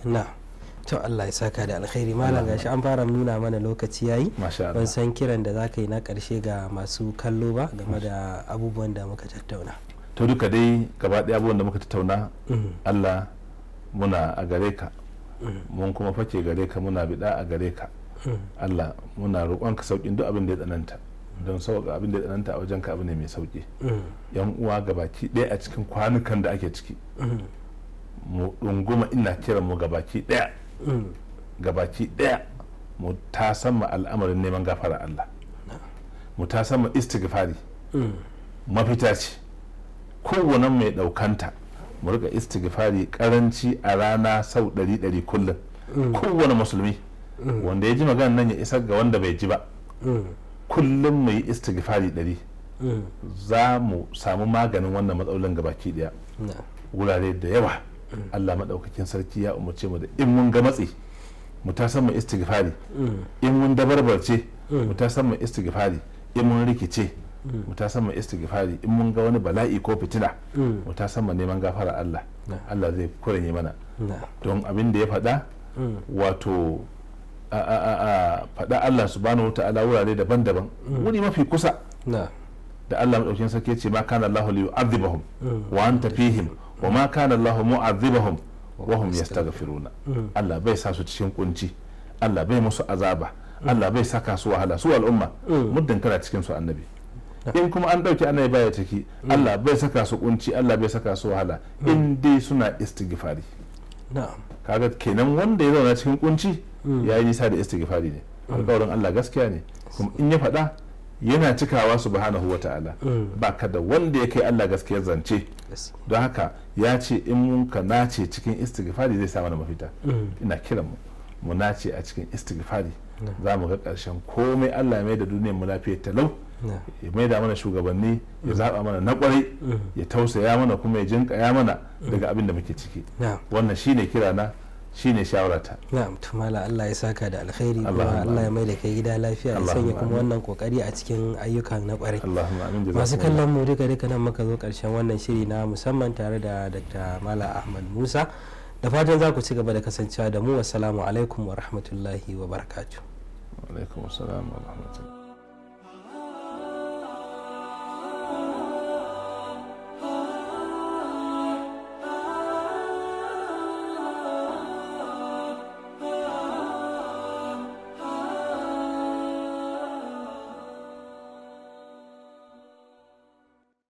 to Allah ya saka da alkhairi malam gashi an fara nuna mana lokaci yayi ban san kiran da zaka yi na karshe ga masu kallo ba game da abubuwan da muka tattauna to duka dai gaba daya abubuwan da muka tattauna Allah muna a gare ka mm. mun kuma fake gare ka muna bida a gare ka mm. Allah muna roƙon ka sauƙin duk abin da ya tsananta don sauƙa abin da ya tsananta a wajen ka abu ne mai sauƙi mm. yan uwa gabaki ɗaya a cikin kwanukan da ake ciki mu ɗunguma ina kiran mu gabaki ɗaya gabaki ɗaya mu ta sama al'amarin neman gafara Allah mu ta sama istighfari mafita ce kowane mai ɗaukanta mu rika istighfari karanci a rana sau ɗari ɗari kullum mm. kowane musulmi mm. wanda ya ji magana nan ya isa ga wanda bai ji ba mm. kullum mu yi istighfari ɗari za mu samu maganin wannan matsalolin gabaki ɗaya wurare da yawa allah maɗaukakin sarki ya umarce mu da in mun ga matsi mu ta san mu istighfari in mun dabarbarce mu ta san mu istighfari in mun rikice Mm. mu ta sama istighfari in mun ga wani bala'i ko fitina mm. mu ta sama neman gafara Allah Allah zai kuranye mana don abin da ya faɗa mm. wato a faɗa Allah subhanahu ta'ala wurare daban-daban wuri mafi kusa da Allah madaukakin sarki ce ma kana Allah li yu'adhibahum wa anta fihim wa ma kana Allah mu'adhibahum wa hum yastaghfiruna Allah bai sa su cikin kunci Allah bai musu azaba Allah bai saka su wahala su al'umma muddin kana cikin su annabi in kuma an ɗauki ana baya ciki mm. Allah bai saka su kunci Allah bai saka su wahala mm. in dai suna istighfari kaga kenan wanda ya zauna cikin kunci mm. ya yi nisa da istighfari ne alƙawarin Allah gaskiya ne kuma in ya faɗa yana cikawa subhanahu wa ta'ala ba ka da wanda ya kai Allah gaskiyar zance don haka ya ce in mun ka nace cikin istighfari zai sa mana mafita ina kiran mu mu nace a cikin istighfari za mu ga ƙarshen komai Allah mai da duniyar mu lafiya talau ya maida mana shugabanni ya zaɓa mana na kwarai ya tausaya mana kuma ya ya mana daga abin da muke ciki wannan shine kira na shine shawarata na'am tumala Allah ya saka da alkhairi kuma Allah ya mai da kai gida lafiya ya sanya kuma wannan kokari a cikin ayyukan na kwarai masu kallon mu duka duka nan muka zo karshen wannan shiri na musamman tare da Dr. Mala Ahmad Musa da fatan za ku ci gaba da kasancewa da mu wassalamu alaikum wa rahmatullahi wa barakatuh alaikum wa rahmatullahi